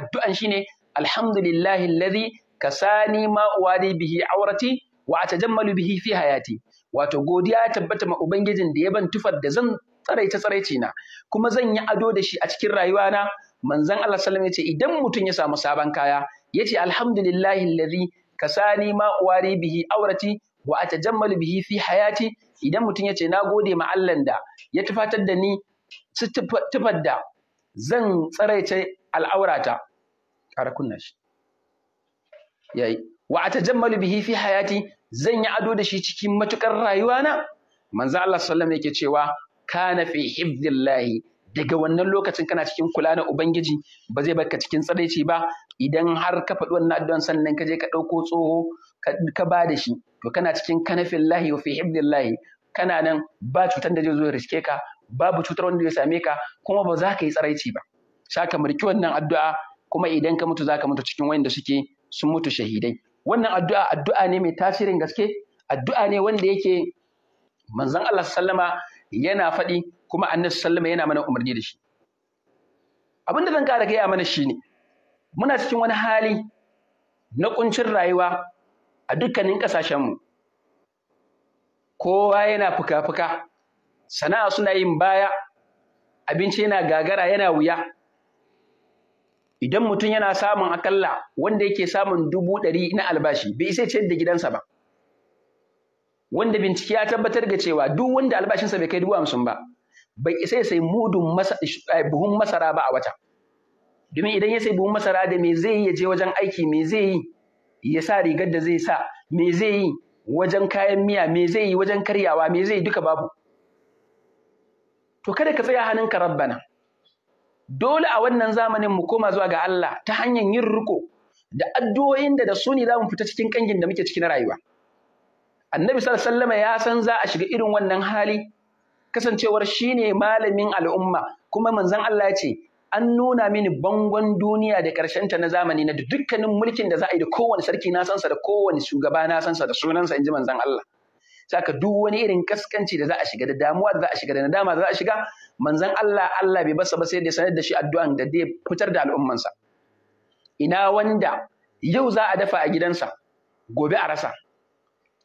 addu'an shine alhamdulillahi alladhi kasani ma uwadi bihi aurati wa atajammalu bihi fi hayati wato godiya tabbata ma ubangijin da ya ban tufar da zan tsaraice tsaraice na kuma zan yi ado da shi a cikin rayuwa na manzon Allah sallallahu alaihi wasallam idan mutum ya samu sabon kaya yace alhamdulillahi alladhi kasani ma uwari bihi aurati wa atajammalu bihi fi hayati idan mutum yace na gode ma Allah da ya tufatar da ni tufar da zan tsaraice al'aurata ƙara kunna shi yayi wa atajammalu bihi fi hayati zan yi ado da shi cikin matukar rayuwa na manzo Allah sallallahu yake cewa kana fi hibdillahi daga wannan lokacin kana cikin kula na ubangiji ba zai barka cikin tsaraici ba idan har ka faɗi wannan addu'an sannan ka je ka ɗauko tsoho ka ba da shi to kana cikin kanafin lahi wa fi hibdillahi kana nan ba cutar da zai zo riske ka babu cutar wanda ya same ka kuma ba za ka yi tsaraici ba ka murki wannan addu'a kuma idan ka mutu za ka mutu cikin wanda suke sun mutu shahidai wannan addu'a addu'a ne mai tasirin gaske addu'a ne wanda yake manzon Allah sallama yana faɗi kuma annabi sallama yana mana umarni da shi abin da zan ƙara gaya mana shi ne, muna cikin wani hali na ƙuncin rayuwa a dukkanin ƙasashenmu kowa yana fuka-fuka sana'a suna yin baya abinci yana gagara yana wuya idan mutum yana samun akalla wanda yake samun dubu ɗari na albashi bai isa ce da gidansa ba wanda bincike ya tabbatar da cewa duk wanda albashinsa bai kai dubu hamsin ba bai isa ya sai mudun eh, buhun masara ba a wata domin idan ya sai buhun masara da me zai yi ya je wajen aiki me zai yi ya sa rigar da zai sa me zai yi wajen kayan miya me zai yi wajen karyawa me zai yi duka babu to kada ka tsaya hannunka rabbana dole a wannan zamanin mu koma zuwa ga Allah ta hanyar yin riko da addu'o'in da da su ne za mu fita cikin kangin da muke ciki na rayuwa annabi sallallahu alaihi wasallam ya san za a shiga irin wannan hali kasancewar shine malamin al'umma kuma manzon Allah ya ce an nuna mini bangon duniya da ta na zamani na dukkanin mulkin da za a yi da kowane sarki na sansa da kowane shugaba na sansa da sunansa inji manzon Allah saka duk wani irin kaskanci da za a shiga da damuwa da za a shiga da nadama da za a shiga manzon Allah Allah bai basa ba sai da sanar da shi addu'an da zai fitar da al'ummansa ina wanda yau za a dafa a gidansa gobe a rasa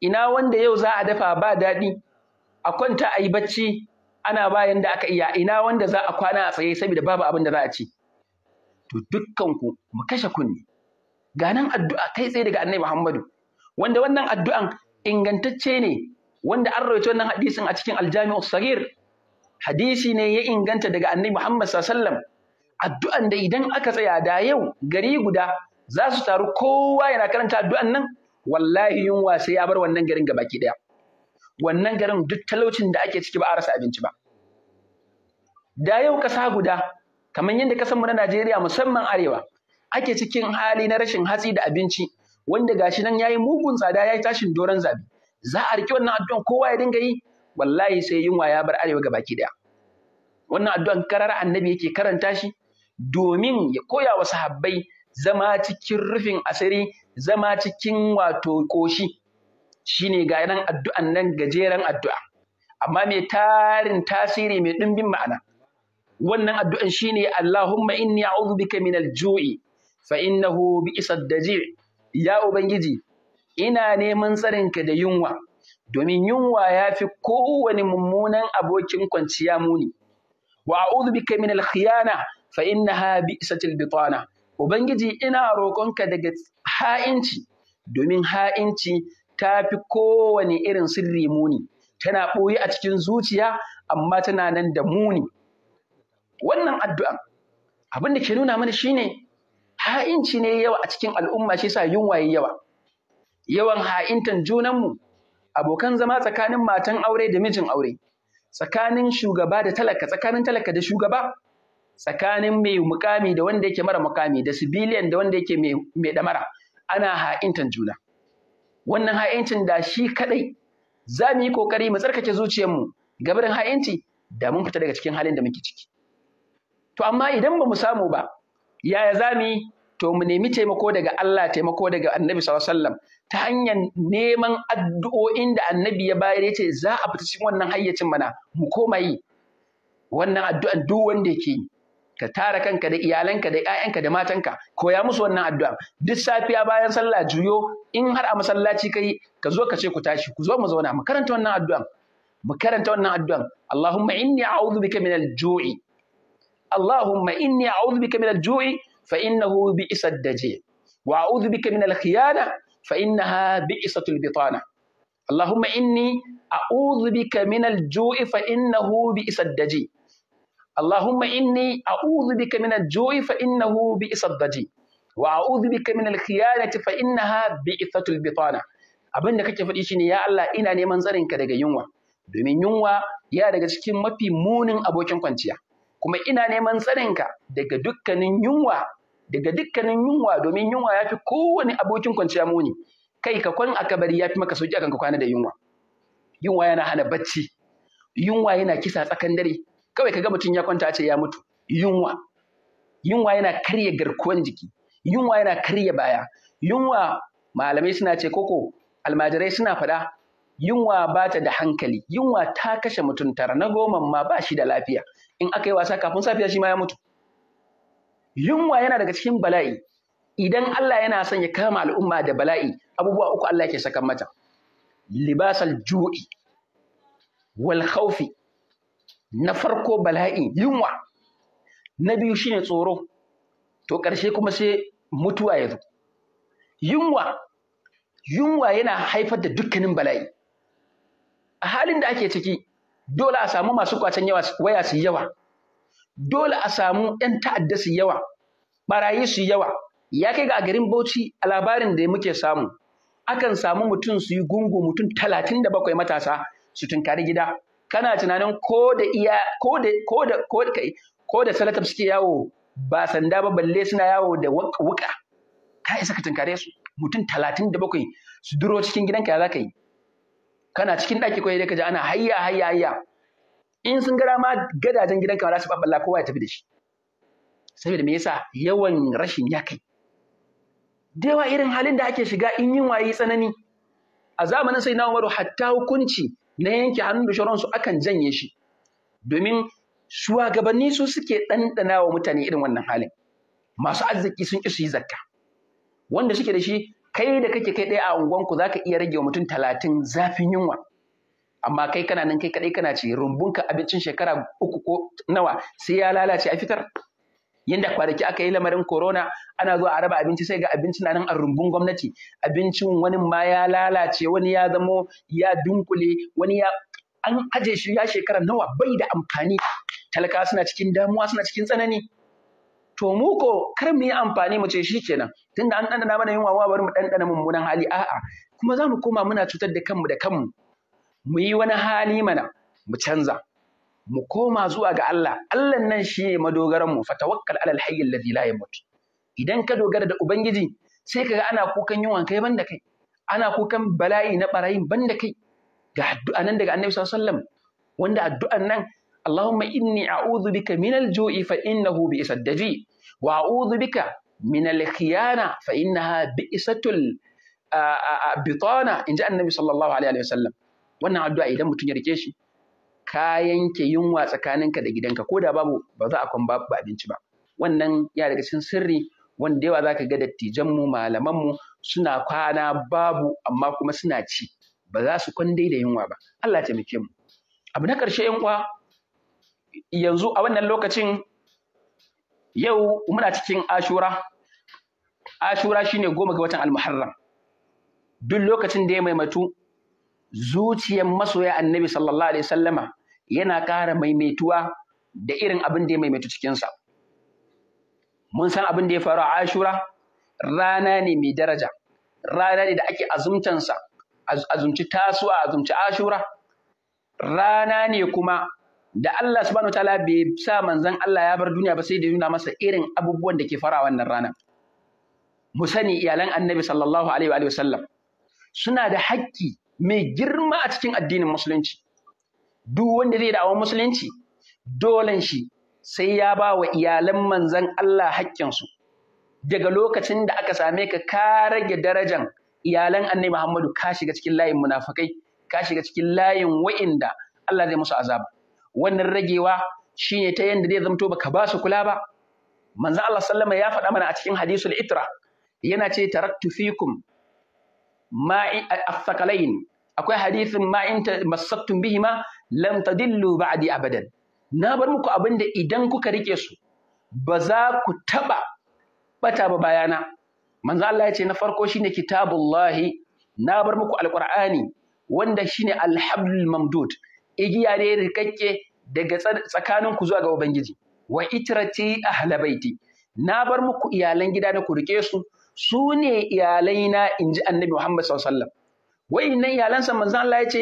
ina wanda yau za a dafa ba daɗi a kwanta a yi bacci ana bayan da aka iya ina wanda za a kwana a tsaye saboda babu abin da za a ci to dukkanku mu kashe kunni ga nan addu'a kai tsaye daga annabi Muhammadu wanda wannan addu'an ingantacce ne wanda an rawaito wannan hadisin a cikin aljami'u sagir hadisi ne ya inganta daga annabi Muhammad sallallahu addu'an da idan aka tsaya da yau gari guda za su taru kowa yana karanta addu'an nan wallahi yunwa sai ya bar wannan garin gabaki daya wannan garin duk talaucin da ake ciki ba a rasa abinci ba da yau kasa guda kamar yadda san mu na Najeriya musamman arewa ake cikin hali na rashin hatsi da abinci wanda gashi nan yayi mugun tsada yayi tashin doron zabi za a riƙe wannan addu'an kowa ya dinga yi wallahi sai yunwa ya bar arewa ga baki daya wannan addu'an karar annabi yake karanta shi domin ya koya wa sahabbai zama cikin rufin asiri zama cikin wato koshi shine ga nan addu'an nan gajeren addu'a amma mai tarin tasiri mai ɗimbin ma'ana wannan addu'an shine Allahumma inni a'udhu bika minal ju'i fa innahu bi'sad daji' ya ubangiji ina neman tsarinka da yunwa domin yunwa ya fi kowane mummunan abokin kwanciya muni wa a'udhu bika min al-khiyana fa innaha bi'satil bitana ubangiji ina roƙonka daga ha'inci domin ha'inci ta fi kowane irin sirri muni tana ɓoye a cikin zuciya amma tana nan da muni wannan addu'an abin da ke nuna mana shine ha'inci ne yawa a cikin al'umma shi sa yunwa yawa yawan ha'intan junanmu, abokan zama tsakanin matan aure da mijin aure, tsakanin shugaba da talaka, tsakanin talaka da shugaba, tsakanin mai mukami da wanda yake mara mukami, da sibiliyan da wanda yake mai ɗamara, ana ha'intan juna. Wannan ha'incin da shi kaɗai za mu yi ƙoƙari mu tsarkake zuciyarmu game ha'inci da mun fita daga cikin halin da muke ciki. To amma idan ba mu samu ba, yaya za mu yi to mu nemi taimako daga Allah taimako daga annabi sallallahu alaihi wasallam ta hanyar neman addu'o'in da annabi ya bayar ya ce za a fita cikin wannan hayyacin mana mu koma yi wannan addu'an duk wanda yake yi ka tara kanka da iyalanka da ƴaƴanka da matanka koya musu wannan addu'a duk safiya bayan sallah juyo in har a masallaci kai ka zo ka ce ku tashi ku zo mu zauna mu karanta wannan addu'an mu karanta wannan addu'an Allahumma inni a'udhu bika al ju'i Allahumma inni a'udhu bika al ju'i fa innahu bi'sad daje wa a'udhu bika min al-khiyana fa innaha bi'satul bitana allahumma inni a'udhu bika min اللهم إني أعوذ بك من الجوع فإنه بئس الضجيج وأعوذ بك من الخيانة فإنها بئسة البطانة abin da kake faɗi shine ya Allah ina neman ka daga yunwa domin yunwa ya daga cikin mafi munin abokin kwanciya kuma ina neman ka daga dukkanin yunwa daga dukkanin yunwa domin yunwa ya fi kowane abokin kwanciya muni kai ka kwan a ya fi maka sauki akan ka kwana da yunwa yunwa yana hana bacci yunwa yana kisa tsakan dare kawai ka ga mutum ya kwanta ce ya mutu yunwa yunwa yana karya garkuwan jiki yunwa yana karya baya yunwa malamai suna ce koko almajirai suna faɗa yunwa ba ta da hankali yunwa ta kashe mutum tara na goma ma ba shi da lafiya in aka yi wasa kafin safiya shi ma ya mutu yunwa yana daga cikin bala'i idan Allah yana son ya kama al'umma da bala'i abubuwa uku Allah ke sakan mata libasal ju'i wal khawfi na farko bala'i yunwa na biyu shine tsoro to ƙarshe kuma sai mutuwa ya zo yunwa yunwa yana haifar da dukkanin bala'i a halin da ake ciki dole a samu masu kwacen waya su yawa dole a samu ‘yan ta'adda su yawa, ɓarayi su yawa, ya kai ga a garin Bauchi a labarin da muke samu, akan samu mutum su yi gungu mutum talatin da bakwai matasa su tunkari gida. Kana tunanin ko da iya ko da ko da ko da ko da salatab suke yawo ba sanda ba balle suna yawo da wuka ka isa ka tunkare su mutum talatin da bakwai su duro cikin gidanka ya za ka yi kana cikin ɗaki kawai da ka ji ana hayya hayya hayya in sun gara ma gadajen gidanka ma za su babbala kowa ya tafi da shi saboda me yasa yawan rashin ya kai da yawa irin halin da ake shiga in yin yi tsanani a zamanin sai na umaru hatta hukunci na yanke hannun da su akan janye shi domin shugabanni su suke ɗanɗana wa mutane irin wannan halin masu arziki sun ƙi su yi zakka wanda suke da shi kai da kake kai ɗaya a unguwanku za ka iya rage wa mutum talatin zafin yunwa amma kai kana nan kai kadai kana ci rumbunka abincin shekara uku ko nawa sai ya lalace a fitar yanda kwanaki aka yi lamarin corona ana zuwa a raba abinci sai ga abinci na nan a rumbun gwamnati abincin wani ma ya lalace wani ya zamo ya dunkule wani ya an aje shi ya shekara nawa bai da amfani talaka suna cikin damuwa suna cikin tsanani to mu ko kar mu yi amfani mu ce shi shikenan tunda an ɗanɗana mana yunwa bari mu ɗanɗana mummunan hali a'a kuma za mu koma muna cutar da kanmu da kanmu mu yi wani hali mana mu canza mu koma zuwa ga Allah Allah nan shi ne madogaran mu fatawakkal alal hayy alladhi la yamut idan ka dogara da ubangiji sai kaga ana kukan yunwan kai banda kai ana kukan bala'i na barayin banda kai ga addu'a nan daga Annabi sallallahu alaihi wasallam wanda addu'an nan Allahumma inni a'udhu bika minal ju'i fa innahu bi'sad wa a'udhu bika minal khiyana fa innaha bitona. inji Annabi sallallahu alaihi wasallam wannan addu'a idan mutum ya rike shi ka yanke yunwa tsakaninka da gidanka ko da babu ba za a kwan ba abinci ba wannan ya daga cikin sirri wanda yawa za ka ga dattijan mu malaman mu suna kwana babu amma kuma suna ci ba za su kwan da yunwa ba Allah taimake mu abu na ƙarshe yan uwa yanzu a wannan lokacin yau muna cikin ashura ashura shine goma ga watan almuharram duk lokacin da ya maimatu zuciyar masoya annabi sallallahu alaihi sallama yana ƙara maimaituwa da irin abin da ya maimaitu cikinsa. Mun san abin da ya faru a Ashura rana ne mai daraja, rana ne da ake azumtansa, azumci tasuwa, azumci Ashura, rana ne kuma da Allah subhanahu wataala bai sa manzon Allah ya bar duniya ba sai da nuna masa irin abubuwan da ke fara wannan ranar. Mu sani iyalan Annabi sallallahu alaihi wa sallam suna da haƙƙi. mai girma a cikin addinin musulunci duk wanda zai da'awar musulunci dolen shi sai ya ba wa iyalan manzan Allah haƙƙinsu daga lokacin da aka same ka ka rage darajan iyalan annabi Muhammadu ka shiga cikin layin munafikai ka shiga cikin layin wa'inda Allah zai musu azaba wannan ragewa shine ta yanda zai zamto ka ba su kula ba Manzan Allah sallama ya faɗa mana a cikin hadisul itra yana ce taraktu fikum ma'i as-sakalain akwai hadisin ma in bihi bihima lam tadillu ba'di abadan na bar muku abin da idan kuka rike su ba za ku taba bata ba bayana manzo Allah ya ce na farko shine kitabullahi na bar muku alqur'ani wanda shine alhablul mamdud igiya ne rikakke daga tsakanin ku zuwa ga ubangiji wa itrati ahla baiti na bar muku iyalan gida na ku rike su su ne iyalaina in ji annabi Muhammad sallallahu alaihi wasallam wa'innan iyalansa manzon Allah ya ce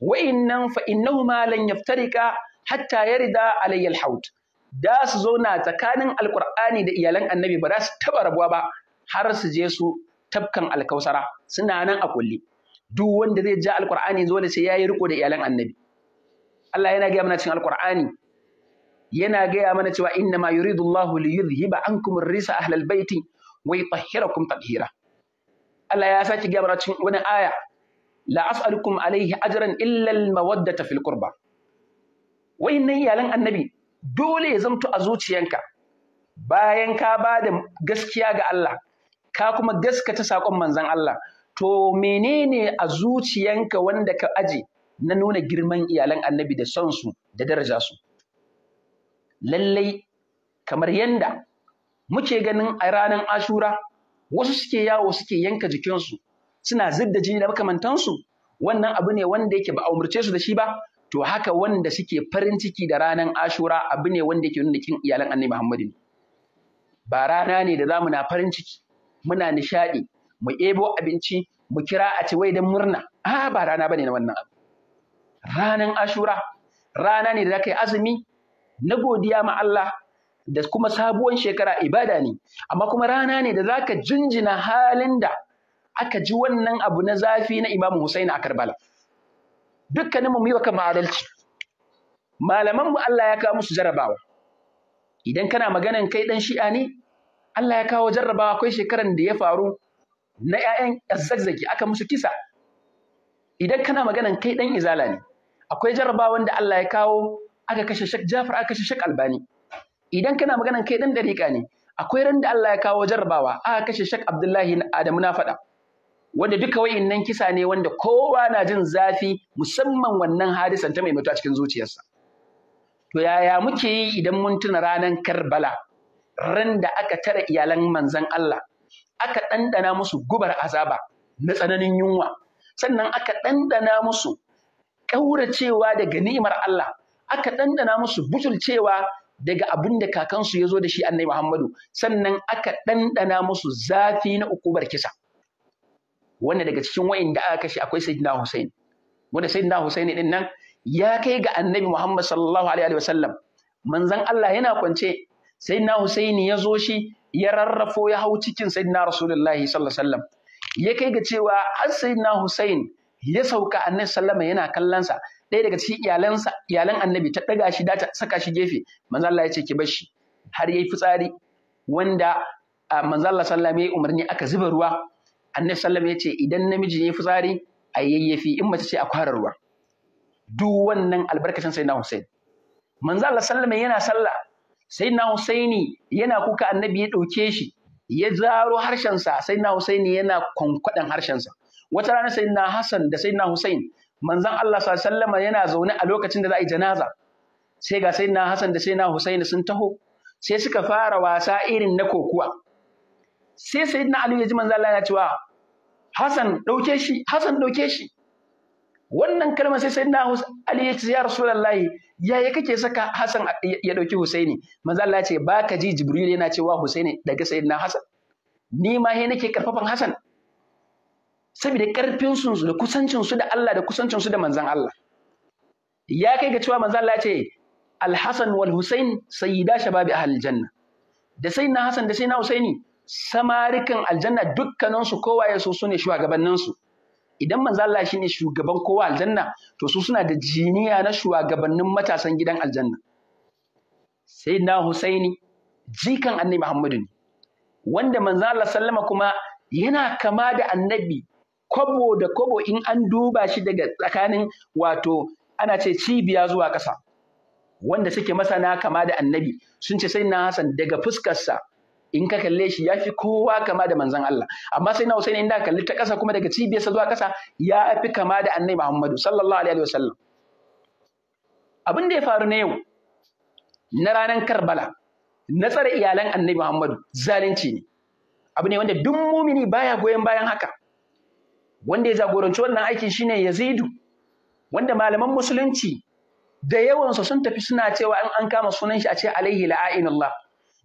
wa'innan fa innahuma lan yaftarika hatta yarda alayya alhaut da su zauna tsakanin alqur'ani da iyalan annabi ba za su taba rabuwa ba har su je su tafkan alkausara suna nan a kulli duk wanda zai ja alqur'ani zo da sai yayi riko da iyalan annabi Allah yana gaya mana cikin alqur'ani yana gaya mana cewa inna ma yuridu Allahu li an ankum ar-risa ahlal baiti wa yutahhirakum tathira Allah ya saki gaya mana cikin wani aya la as'alukum alaihi ajran illa al-mawaddata fil Wai na iyalan annabi dole ya zamto a zuciyanka bayan ka ba da gaskiya ga Allah ka kuma gaskata sakon manzon Allah to menene a zuciyanka wanda ka aje na nuna girman iyalan annabi da son su da daraja su lallai kamar yanda muke ganin a ranar ashura wasu suke yawo suke yanka jikinsu suna zidda jini da makamantansu wannan abu ne wanda yake ba a umarce su da shi ba to haka wanda suke farin ciki da ranar ashura abu ne wanda yake nuna kin iyalan annabi muhammadin ba rana ne da zamu na farin ciki muna nishaɗi mu ebo abinci mu kira a ci wai don murna a ba rana bane na wannan abu ranan ashura rana ne da zaka yi azumi na godiya ma Allah da kuma sabuwar shekara ibada ne amma kuma rana ne da zaka jinjina halin da aka ji wannan abu na zafi na Imam Husaini a Karbala dukkaninmu mu yi wa Malamanmu adalci malaman mu Allah ya kawo musu jarabawa idan kana maganan kai dan shi'a ne Allah ya kawo jarrabawa akwai shekaran da ya faru na ƴaƴan azzagzagi aka musu kisa idan kana maganan kai dan izala ne akwai jarabawa da Allah ya kawo aka kashe Sheikh Jafar aka kashe Sheikh Albani idan kana magana kai dan dariƙa ne akwai randa Allah ya kawo jarrabawa aka kashe shak Abdullahi na Adamu na faɗa wanda duka nan kisa ne wanda kowa na jin zafi musamman wannan hadisan ta maimaito a cikin zuciyarsa to yaya muke yi idan mun tuna ranar Karbala randa aka tara iyalan manzon Allah aka ɗanɗana musu gubar azaba na tsananin yunwa sannan aka ɗanɗana musu ƙauracewa daga ni'imar Allah aka ɗanɗana musu butulcewa daga abin da kakansu ya zo da shi annabi Muhammadu sannan aka ɗanɗana musu zafi na ukubar kisa wanda daga cikin wa'inda aka kashe akwai sayyidina Hussein wanda sayyidina Hussein din nan ya kai ga annabi Muhammad sallallahu alaihi wa sallam manzon Allah yana kwance sayyidina Hussein ya zo shi ya rarrafo ya hau cikin sayyidina Rasulullahi sallallahu sallam ya kai ga cewa har sayyidina Hussein ya sauka annabi sallama yana kallon ɗaya daga cikin iyalansa iyalan annabi ta ɗaga shi da ta saka shi gefe manzo Allah ya ce ki bashi har yayi fitsari wanda manzo Allah sallallahu alaihi umarni aka zuba ruwa annabi sallallahu ya ce idan namiji yayi fitsari a yayyafi in mace ce a kwara ruwa duk wannan albarkacin sayyidina Hussein manzo Allah sallallahu yana sallah sayyidina Husaini yana kuka annabi ya ɗauke shi ya zaro harshensa sayyidina Husaini yana kwankwadan harshensa wata rana sayyidina Hassan da sayyidina Husain manzon Allah sallallahu alaihi yana zaune a lokacin da za a yi janaza sai ga sayyidina Hassan da sayyidina Husaini sun taho sai suka fara wasa irin na kokuwa sai sayyidina Ali ya ji manzon Allah yana cewa Hassan dauke shi Hassan dauke shi wannan kalmar sai sayyidina Ali ya ce ya rasulullahi yaya kake saka Hassan ya dauki Husaini manzon Allah ya ce baka ji Jibril yana cewa Husaini daga sayyidina Hassan ni ma he nake karfafan Hassan saboda ƙarfinsu su da kusancin da Allah da kusancin da manzan Allah ya kai ga cewa manzan Allah ya ce Al-Hasan wal Husain sayyida shababi janna da sai na Hasan da sai na Husaini samarikan aljanna dukkanin su kowa ya so sune su idan manzan Allah shine shugaban kowa aljanna to su suna da jiniya na shugabannin matasan gidan aljanna Sai na Husaini jikan annabi Muhammadu ne wanda manzan Allah sallama kuma yana kama da annabi Kobo da kobo in an duba shi daga tsakanin wato ana ce cibiya zuwa ƙasa wanda suke masana kama da annabi sun ce sai na hasan daga fuskarsa in ka kalle shi ya fi kowa kama da manzon Allah amma sai na Hussein in da kalli ta ƙasa kuma daga cibiyarsa zuwa ƙasa ya fi kama da annabi Muhammadu sallallahu alaihi wasallam abin da ya faru na yau na ranar Karbala na tsare iyalan annabi Muhammadu zalunci ne abu ne wanda duk mumini baya goyon bayan haka wanda ya jagoranci wannan aikin shine Yazidu wanda malaman musulunci da yawansu sun tafi suna cewa in an kama sunan shi a ce alaihi la'ainallah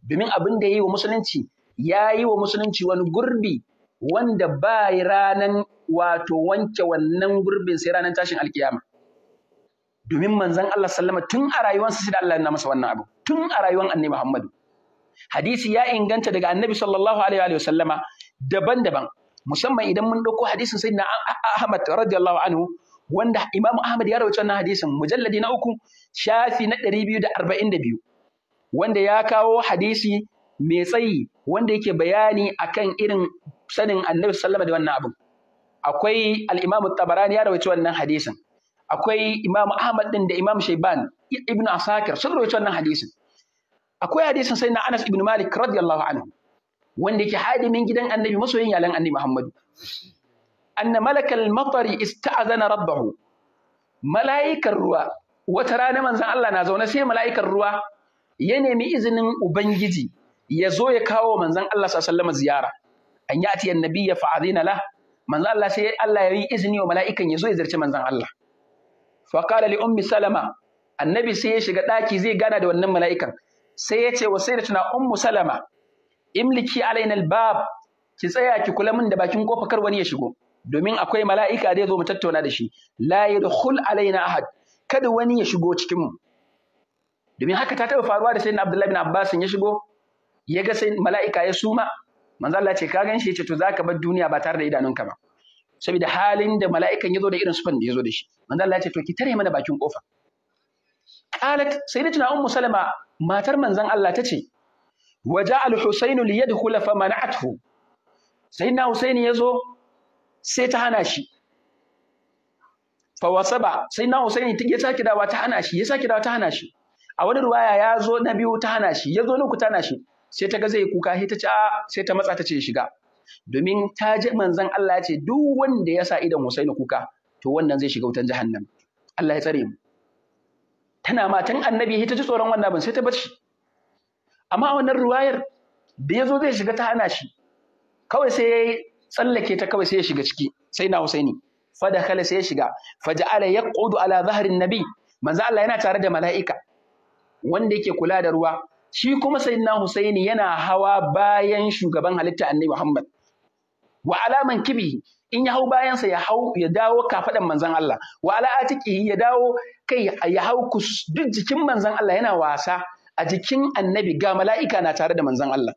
domin abin da yi wa musulunci ya yi wa musulunci wani gurbi wanda ba ranan wato wanke wannan gurbin sai ranan tashin alkiyama domin manzon Allah sallama tun a rayuwarsa sai da Allah ya masa wannan abu tun a rayuwar annabi Muhammadu hadisi ya inganta daga annabi sallallahu alaihi wa sallama daban-daban musamman idan mun ɗauko hadisin sayyidina Ahmad radiyallahu anhu wanda Imam Ahmad ya rawaita wannan hadisin mujalladi na uku shafi na 242 wanda ya kawo hadisi mai tsayi wanda yake bayani akan irin sanin Annabi sallama da wannan abin akwai al-Imam Tabarani ya rawaita wannan hadisin akwai Imam Ahmad din da Imam Shayban Ibn Asakir sun rawaita wannan hadisin akwai hadisin sayyidina Anas ibn Malik radiyallahu anhu wanda yake hadimin gidan annabi masoyin yalan annabi Muhammadu anna malakal matari ista'azana rabbahu mala'ikar ruwa wata rana manzon Allah na zaune sai mala'ikar ruwa ya nemi izinin ubangiji ya zo ya kawo manzon Allah sallallahu alaihi ziyara an yati annabiyya fa'adina lah manzon Allah sai Allah ya yi izini wa mala'ikan ya zo ya zirce manzon Allah fa qala li ummi salama annabi sai ya shiga daki zai gana da wannan mala'ikan sai ya ce wa sayyidatuna ummu salama imliki Alainal Bab ki tsaya ki kula min da bakin kofa kar wani ya shigo domin akwai mala'ika da zo mu tattauna da shi la yadkhul alaina ahad kada wani ya shigo cikin mu domin haka ta taba faruwa da sayyidina Abdullahi bin Abbas ya shigo ya ga sai mala'ika ya suma manzo Allah ce ka ganshi ce to zaka bar duniya ba tare da idanunka ba saboda halin da mala'ikan ya zo da irin sufan da ya zo da shi manzo Allah ce to ki tare mana bakin kofa qalat sayyidatuna ummu salama matar manzon Allah ta ce waja al-husainu li yadkhula fa mana'athu sayyidina husaini yazo sai ta hana shi fa wasaba sayyidina husaini ya saki dawa ta hana shi ya saki dawa ta hana shi a wani ruwaya ya zo na biyu ta hana shi ya zo na uku ta hana shi sai ta ga zai kuka sai ta ci sai ta matsa ta ce shiga domin ta ji manzon Allah ya ce duk wanda ya sa idan Husaini kuka to wannan zai shiga wutan jahannam Allah ya tsare mu tana matan annabi ita ji tsoron wannan ban sai ta bar shi amma a wannan ruwayar da ya zo zai shiga ta hana shi kawai sai ya tsallake ta kawai sai ya shiga ciki sai na husaini fada kala sai ya shiga faja'ala yaqudu ala zaharin nabi manzo Allah yana tare da mala'ika wanda yake kula da ruwa shi kuma sai na husaini yana hawa bayan shugaban halitta annabi muhammad wa alaman kibi in ya hau bayansa ya hau ya dawo kafadan manzon Allah wa ala ya dawo kai ya hau duk jikin manzon Allah yana wasa a jikin annabi ga mala'ika na tare da manzon Allah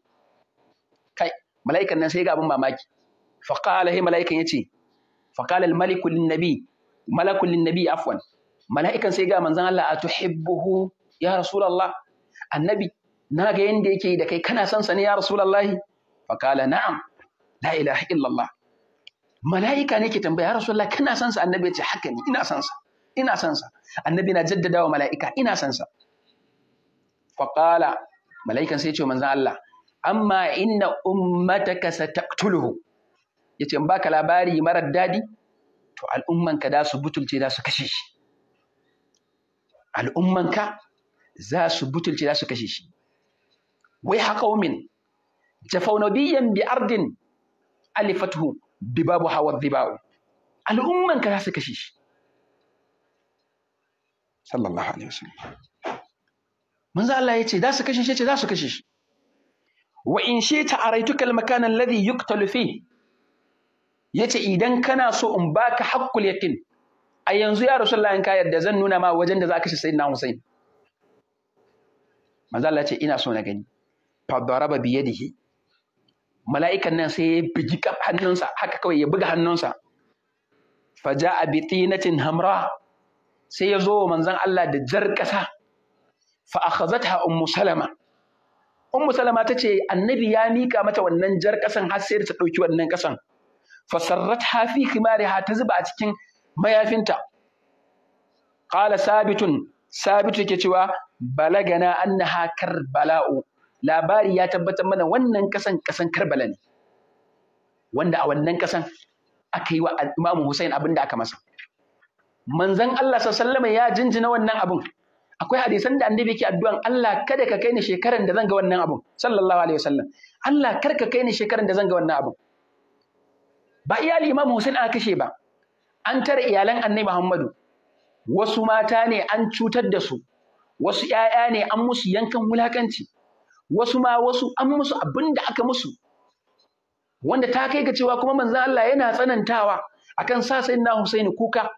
kai mala'ikan nan sai ga abin mamaki Faƙa qala mala'ikan ya ce. qala al maliku lin nabi malaku lin nabi afwan mala'ikan sai ga manzon Allah a tuhibbuhu ya rasulullah annabi na ga yadda yake da kai kana son sa ne ya rasulullah fa qala na'am la ilaha illallah mala'ika ne ke tambaya ya rasulullah kana son sa annabi ya ce haka ne ina son sa ina son sa annabi na jaddadawa mala'ika ina son sa faƙala mala'ikan sai ce manzan Allah amma inna ummataka sataqtuluhu yace in baka labari marar dadi to al'ummanka da su butulce da su kashe shi al'ummanka za su butulce da su kashe shi wai haka umin jafau nabiyan bi ardin alifatuhu bi babu hawa dibau al'ummanka za su kashe shi sallallahu alaihi wasallam manzo Allah ya ce za su kashe shi ce za su kashe shi wa in shita araituka al alladhi yuqtalu fi yace idan kana so in baka haqqul yaqin a yanzu ya rasulullah in ka yarda zan nuna ma wajen da za ka shi, sayyidina Hussein manzo Allah ya ce ina so na gani fa daraba bi yadihi mala'ikan nan sai ya bigi hannunsa haka kawai ya buga hannunsa faja a cin hamra sai ya zo manzon Allah da jar kasa. fa akhazatha ummu salama ummu salama ce annabi ya mika mata wannan jar kasan har sai ta ɗauki wannan kasan fasarrat sarratha fi khimariha ta zuba a cikin mayafinta Kala sabitun sabitu yake cewa balagana annaha karbala'u labari ya tabbatar mana wannan kasan kasan karbala ne wanda a wannan kasan aka yi wa imamu Hussein abin da aka masa manzon Allah sallallahu alaihi ya jinjina wannan abin akwai hadisan da annabi yake addu'an Allah kada ka kai ni shekaran da zan ga wannan abun sallallahu alaihi wasallam Allah kar ka kai ni shekaran da zan ga wannan abun ba iyali Imam Hussein a kashe ba an tare iyalan Annabi Muhammadu wasu mata ne an cutar da su wasu 'ya'ya ne an musu yankan wulakanci wasu ma wasu an musu abinda aka musu wanda ta kai ga cewa kuma manzon Allah yana tsanantawa akan sa sayyidina Husaini kuka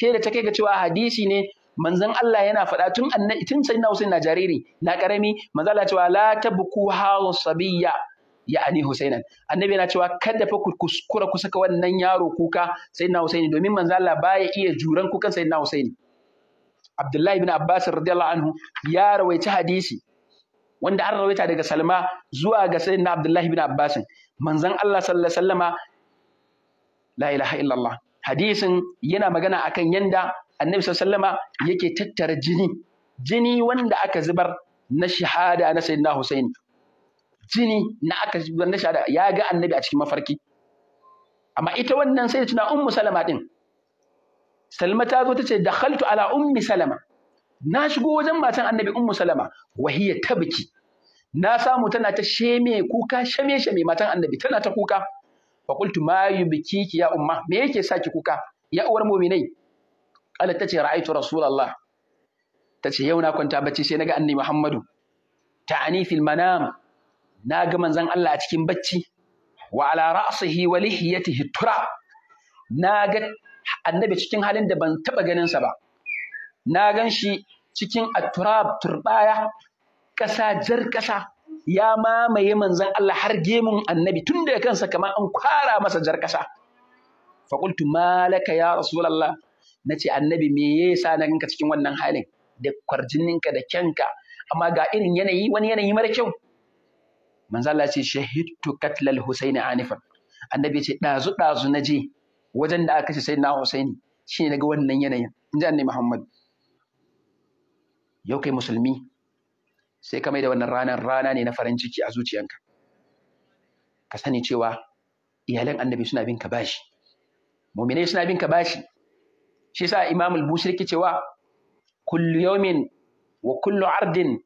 sai da ta kai ga cewa hadisi ne manzon Allah yana faɗa tun annabi tun sayyidina Husain na jariri na karami manzon Allah cewa la tabku hawo sabiyya ya'ani Husainan annabi yana cewa kada fa ku kuskura ku saka wannan yaro kuka na Husaini domin manzon Allah baya iya juran kukan na Husaini Abdullahi ibn Abbas radiyallahu anhu ya rawaita hadisi wanda an rawaita daga Salma zuwa ga sayyidina Abdullahi ibn Abbas manzon Allah sallallahu alaihi wasallama la ilaha illallah hadisin yana magana akan yanda annabi sallama yake tattara jini jini wanda aka zubar na shahada na sayyidina Husaini jini na aka zubar na shahada ya ga annabi a cikin mafarki amma ita wannan sai tuna ummu salama din salma ta zo ta ce, dakhaltu ala ummi salama na shigo wajen matan annabi ummu salama wahiya tabki na samu tana ta sheme kuka sheme-sheme matan annabi tana ta kuka fa qultu ma yubkiki ya umma me yake saki kuka ya uwar mu'minai qalat tace ra'aytu rasulullah tace yau na kwanta bacci sai naga annabi muhammadu ta'ani fil manam naga manzon Allah a cikin bacci wa ala ra'sihi wa lihiyatihi turab naga annabi cikin halin da ban taba ganin sa ba na gan shi cikin atturab turbaya ƙasa jar ƙasa ya mamaye manzon Allah har gemun annabi tun da kansa kamar an kwara masa jar ƙasa fa qultu malaka ya rasulullah na ce annabi me ya sa na ganka cikin wannan halin da kwarjininka da kyanka amma ga irin yanayi wani yanayi mara kyau manzo Allah ce shahidtu katlal husaini anifan annabi ce dazu dazu naje wajen da aka kashe na husaini shine daga wannan yanayin inji annabi Muhammad yau kai musulmi sai ka mai da wannan ranar rana ne na farin ciki a zuciyanka ka sani cewa iyalan annabi suna bin ka bashi mu'minai suna bin ka bashi shi sa Imam al-Bushiri ke cewa kullu yawmin wa kullu ardin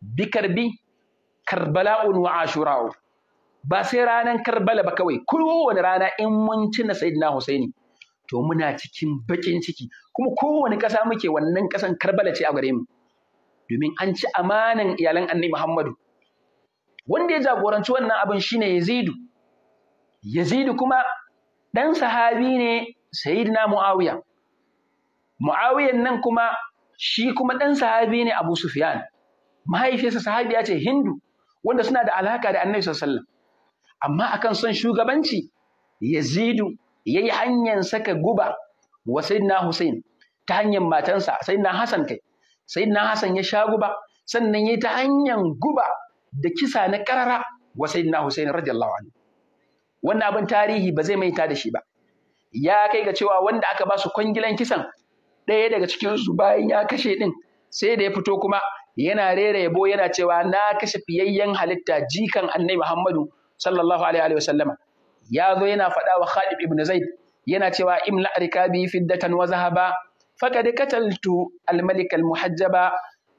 bikarbi karbala'un wa ashura'u ba sai ranar karbala ba kawai kowane rana in mun tuna sayyidina husaini to muna cikin bakin ciki kuma kowane ƙasa muke wannan ƙasan karbala ce a gare mu domin an ci amanan iyalan annabi muhammadu wanda ya jagoranci wannan abin shine yazidu yazidu kuma ɗan sahabi ne sayyidina muawiya Mu'awiyan nan kuma shi kuma ɗan sahabi ne Abu Sufyan. Mahaifiyarsa sahabiya ce Hindu wanda suna da alaka da Annabi sallallahu Amma akan son shugabanci Yazidu yayi yi hanyar saka guba wa Sayyidina Hussein ta hanyar matansa Sayyidina Hassan kai. Sayyidina Hassan ya sha guba sannan yayi ta hanyar guba da kisa na karara wa Sayyidina Hussein radiyallahu anhu. Wannan abin tarihi ba zai maita da shi ba. Ya kai ga cewa wanda aka ba su kwangilan kisan ɗaya daga cikinsu bayan ya kashe ɗin sai da ya fito kuma yana rera yabo yana cewa na kashe fiyayyen halitta jikan annabi Muhammadu sallallahu alaihi wa sallama ya zo yana faɗa wa Khalid ibn Zaid yana cewa imla rikabi fiddatan wa zahaba faqad qataltu al-malik al-muhajjaba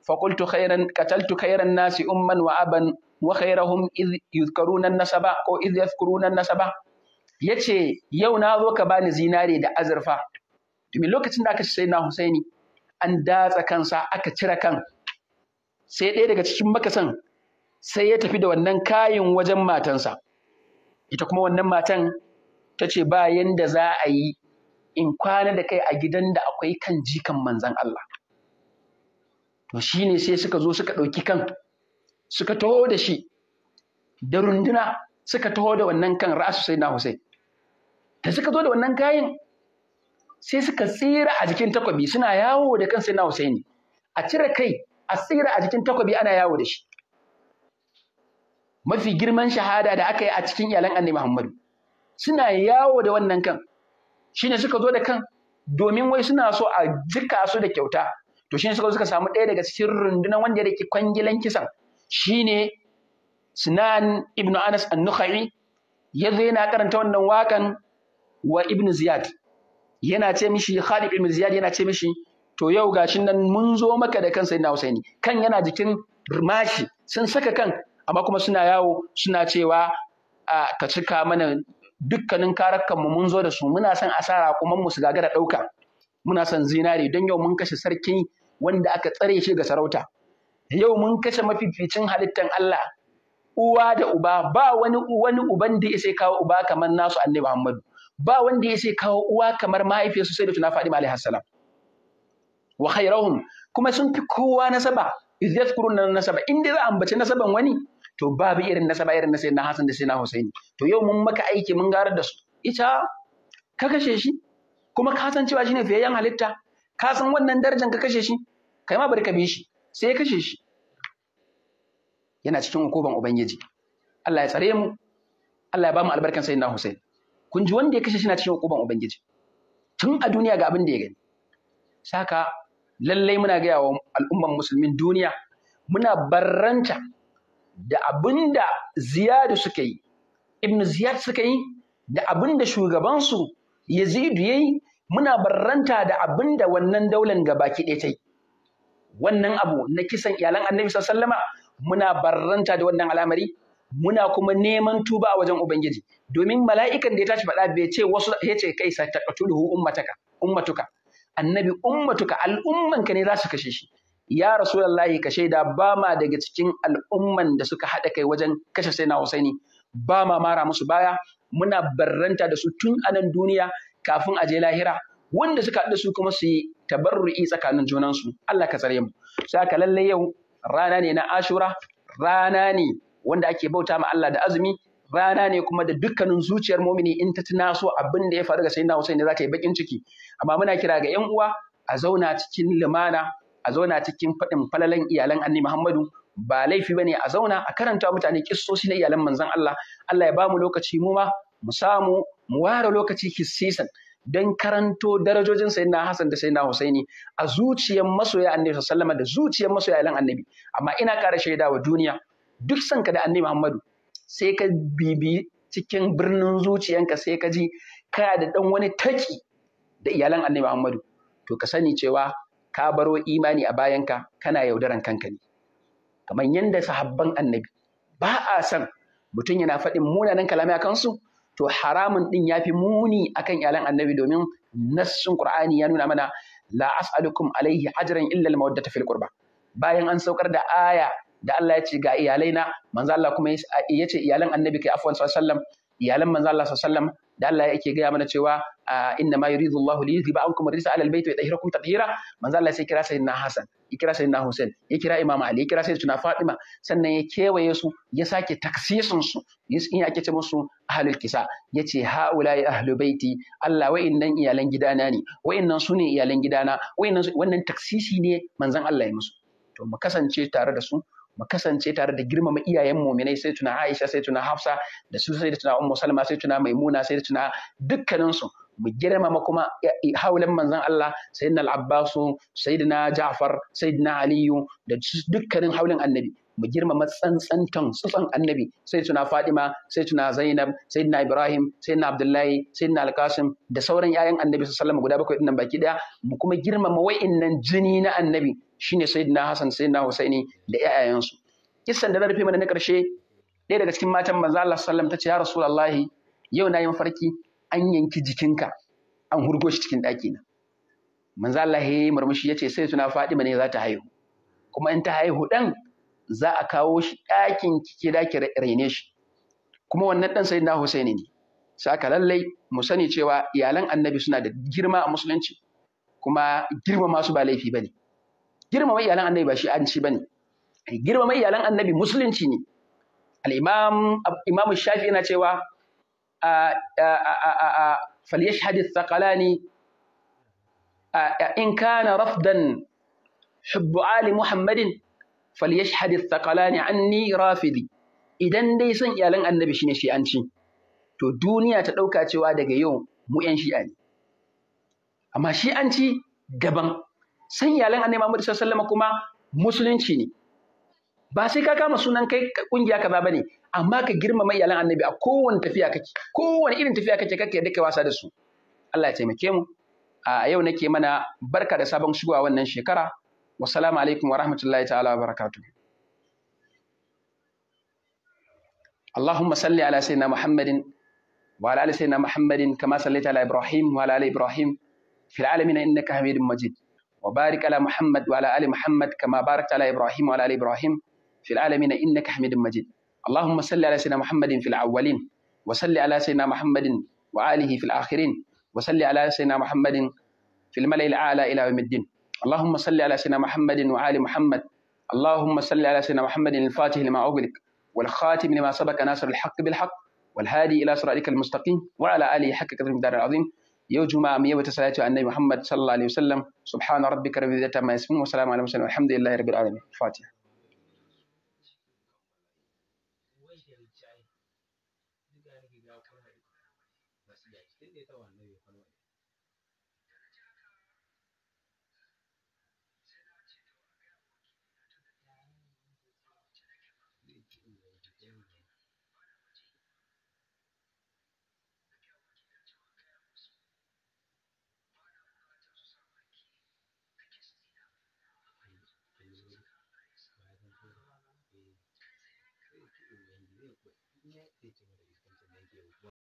فقلت خيرا قتلت خير الناس أما وأبا وخيرهم إذ يذكرون النسب أو إذ يذكرون النسب yace yau na zo ka bani zinare da azurfa domin lokacin da aka ci sayyidina Husaini an datsa kansa aka cire kan sai ɗaya daga cikin makasan sai ya tafi da wannan kayin wajen matansa ita kuma wannan matan ta ce ba yanda za a yi in kwana da kai a gidan da akwai kan jikan manzan Allah to shine sai suka zo suka ɗauki kan suka taho da shi da runduna suka taho da wannan kan ra'asu sai na da suka zo da wannan kayan sai suka tsira a jikin takwabi suna yawo da kan sayyidina Husaini a cire kai a tsira a jikin takwabi ana yawo da shi mafi girman shahada da aka yi a cikin iyalan Annabi Muhammadu suna yawo da wannan kan shine suka zo da kan domin wai suna so a jika su da kyauta to shine suka zo suka samu ɗaya daga cikin rundunar wanda ya kwangilan kisan shine Sinan ibn Anas an-Nukhai ya yana karanta wannan wakan wa ibn Ziyad yana ce mishi Khalid ibn Ziyad yana ce mishi to yau gashin nan mun zo maka da kan Sayyidina Husaini kan yana jikin rimashi, sun saka kan amma kuma suna yawo suna cewa ka cika mana dukkanin mu mun zo da su muna son asara kuma mu su gagara ɗauka muna son zinare don yau mun kashe sarki wanda aka tsare shi ga sarauta yau mun kashe mafificin halittan Allah uwa da uba ba wani wani uban da ya sai kawo uba kamar nasu annabi Muhammadu ba wanda ya ce kawo uwa kamar mahaifiyarsu sai da tuna Fadima alaihi salam wa khairahum kuma sun fi kowa nasaba iz yadhkurun nasaba Inda za a ambaci nasaban wani to babu irin nasaba irin na sayyidina Hassan da sayyidina Husaini to yau mun maka aiki mun garar da su ita ka kashe shi kuma ka san cewa shine fiyayyen halitta ka san wannan darajar ka kashe shi kai ma bari ka bi shi sai ya kashe shi yana cikin hukuban ubangiji Allah ya tsare mu Allah ya ba mu albarkan sayyidina Husaini kun ji wanda ya kashe shi na cikin hukuban ubangiji tun a duniya ga abin da ya gani saka lallai muna gaya wa al'umman musulmin duniya muna barranta da abin ziyadu suka yi ibnu ziyad suka yi da abin da shugabansu yazidu ya yi muna barranta da abin da wannan daular baki ɗaya ta yi wannan abu na kisan iyalan annabi sallama muna barranta da wannan al'amari muna kuma neman tuba a wajen ubangiji domin mala'ikan da ya tashi faɗa bai ce wasu ya ce kai sa ta tuluhu ummataka ummatuka annabi ummatuka al'ummanka ne za su kashe shi ya rasulullahi ka shaida ba ma daga cikin al'umman da suka haɗa kai wajen kashe sai na husaini ba ma mara musu baya muna barranta da su tun anan duniya kafin a je lahira wanda suka haɗu su kuma su yi tabarru'i tsakanin junansu Allah ka tsare mu saka lallai yau rana ne na ashura rana ne wanda ake bauta ma Allah da azumi rana ne kuma da dukkanin zuciyar mumini in ta tuna so abin da ya faru ga sayyidina Hussein ne za ta yi bakin ciki amma muna kira ga yan uwa a zauna cikin limana, a zauna cikin faɗin falalan iyalan annabi Muhammadu ba laifi bane a zauna a karanta mutane kissoshi na iyalan manzon Allah Allah ya bamu lokaci mu ma mu samu mu ware lokaci kissisan dan karanto darajojin sayyidina Hassan da sayyidina Husaini a zuciyar masoya annabi sallallahu alaihi da zuciyar masoya annabi amma ina ƙara shaida wa duniya duk sanka da annabi Muhammadu sai ka bibi cikin birnin zuciyanka sai ka ji kana da dan wani taki da iyalan annabi Muhammadu to ka sani cewa ka baro imani a bayanka kana yaudaran kanka ne kamar yadda sahabban annabi ba a san mutum yana faɗin munanan kalamai a kansu to haramun ɗin yafi muni akan iyalan annabi domin nassun qur'ani ya nuna mana la as'alukum alaihi ajran illa al-mawaddata fil qurba bayan an saukar da aya da Allah ya ce ga iyalaina manzo Allah kuma ya ce iyalan annabi kai afwan sallallahu alaihi wasallam iyalan manzo Allah sallallahu alaihi wasallam da Allah yake gaya mana cewa inna ma yuridu Allahu li yuzhiba ankum ar-rijsa ala al-bayt wa yutahhirakum tatheera manzo Allah sai kira sayyidina Hassan ya kira sayyidina Hussein ya kira Imam Ali ya kira sayyidina Fatima sannan ya kewaye su ya sake taksisin su in ya ce musu ahlul kisa yace haula'i ahlul baiti Allah innan iyalan gidana ne wa'innan su ne iyalan gidana innan wannan taksisi ne manzon Allah ya musu to mu kasance tare da su mu kasance tare da girmama iyayen muminai sai tuna Aisha sai tuna Hafsa da su sai tuna Ummu Salma sai tuna Maimuna sai tuna dukkanin su mu girmama kuma haulan manzon Allah sayyidina Al-Abbas sayyidina Ja'far sayyidina Aliyu da dukkanin haulan annabi mu girmama tsantsantan tsutsan annabi sai tuna Fadima sai tuna Zainab sai tuna Ibrahim sai tuna Abdullahi sai tuna al Al-Qasim da sauran yayan annabi sallallahu alaihi wasallam guda bakwai dinnan baki daya mu kuma girmama wa'innan jini na annabi shine sayyidina Hassan sayyidina Husaini da ƴaƴayensu kissan da na rufe mana na ƙarshe ɗaya daga cikin matan manzo Allah sallallahu alaihi wasallam tace ya rasulullahi yau na yi mafarki an yanki jikinka an hurgo shi cikin ɗakina. na manzo Allah ya yi murmushi yace sai tuna Fadima ne za ta haihu kuma in ta haihu dan za a kawo shi ɗakin kike da raine shi kuma wannan dan sayyidina Husaini ne saka lallai mu sani cewa iyalan annabi suna da girma a musulunci kuma girma masu ba laifi bane girmama iyalan annabi ba shi an ne. bane girmama iyalan annabi musulunci ne al-imam imam shafi yana cewa فليشهد الثقلان إن كان رفدا حب آل محمد فليشهد الثقلان عني رافدي idan dai son iyalan annabi shine shi'anci to duniya ta ɗauka cewa daga yau mu 'yan shi'a ne amma shi'anci daban san iyalan annabi Muhammad sallallahu alaihi kuma musulunci ne ba sai ka kama sunan kai kungiya ba bane amma ka girmama iyalan annabi a kowane tafiya kake kowane irin tafiya kake kake da kai wasa da su Allah ya taimake mu a yau nake mana barka da sabon shigowa wannan shekara wassalamu alaikum wa rahmatullahi ta'ala wa barakatuh اللهم صل على سيدنا محمد وعلى ال سيدنا محمد كما صليت على ابراهيم وعلى ال Ibrahim, في العالمين انك حميد مجيد وبارك على محمد وعلى آل محمد كما باركت على إبراهيم وعلى آل إبراهيم في العالمين إنك حميد مجيد اللهم صل على سيدنا محمد في الأولين وصل على سيدنا محمد وآله في الآخرين وصل على سيدنا محمد في الملأ الأعلى إلى يوم الدين اللهم صل على سيدنا محمد وآل محمد اللهم صل على سيدنا محمد الفاتح لما أغلق والخاتم لما سبق ناصر الحق بالحق والهادي إلى صراطك المستقيم وعلى آله حق قدر المقدار العظيم yau juma'a mu yawaita salatu annabi Muhammad sallallahu alaihi wasallam subhana rabbika rabbil izzati amma yasifun wa salamun alal mursalin walhamdulillahi rabbil alamin fatiha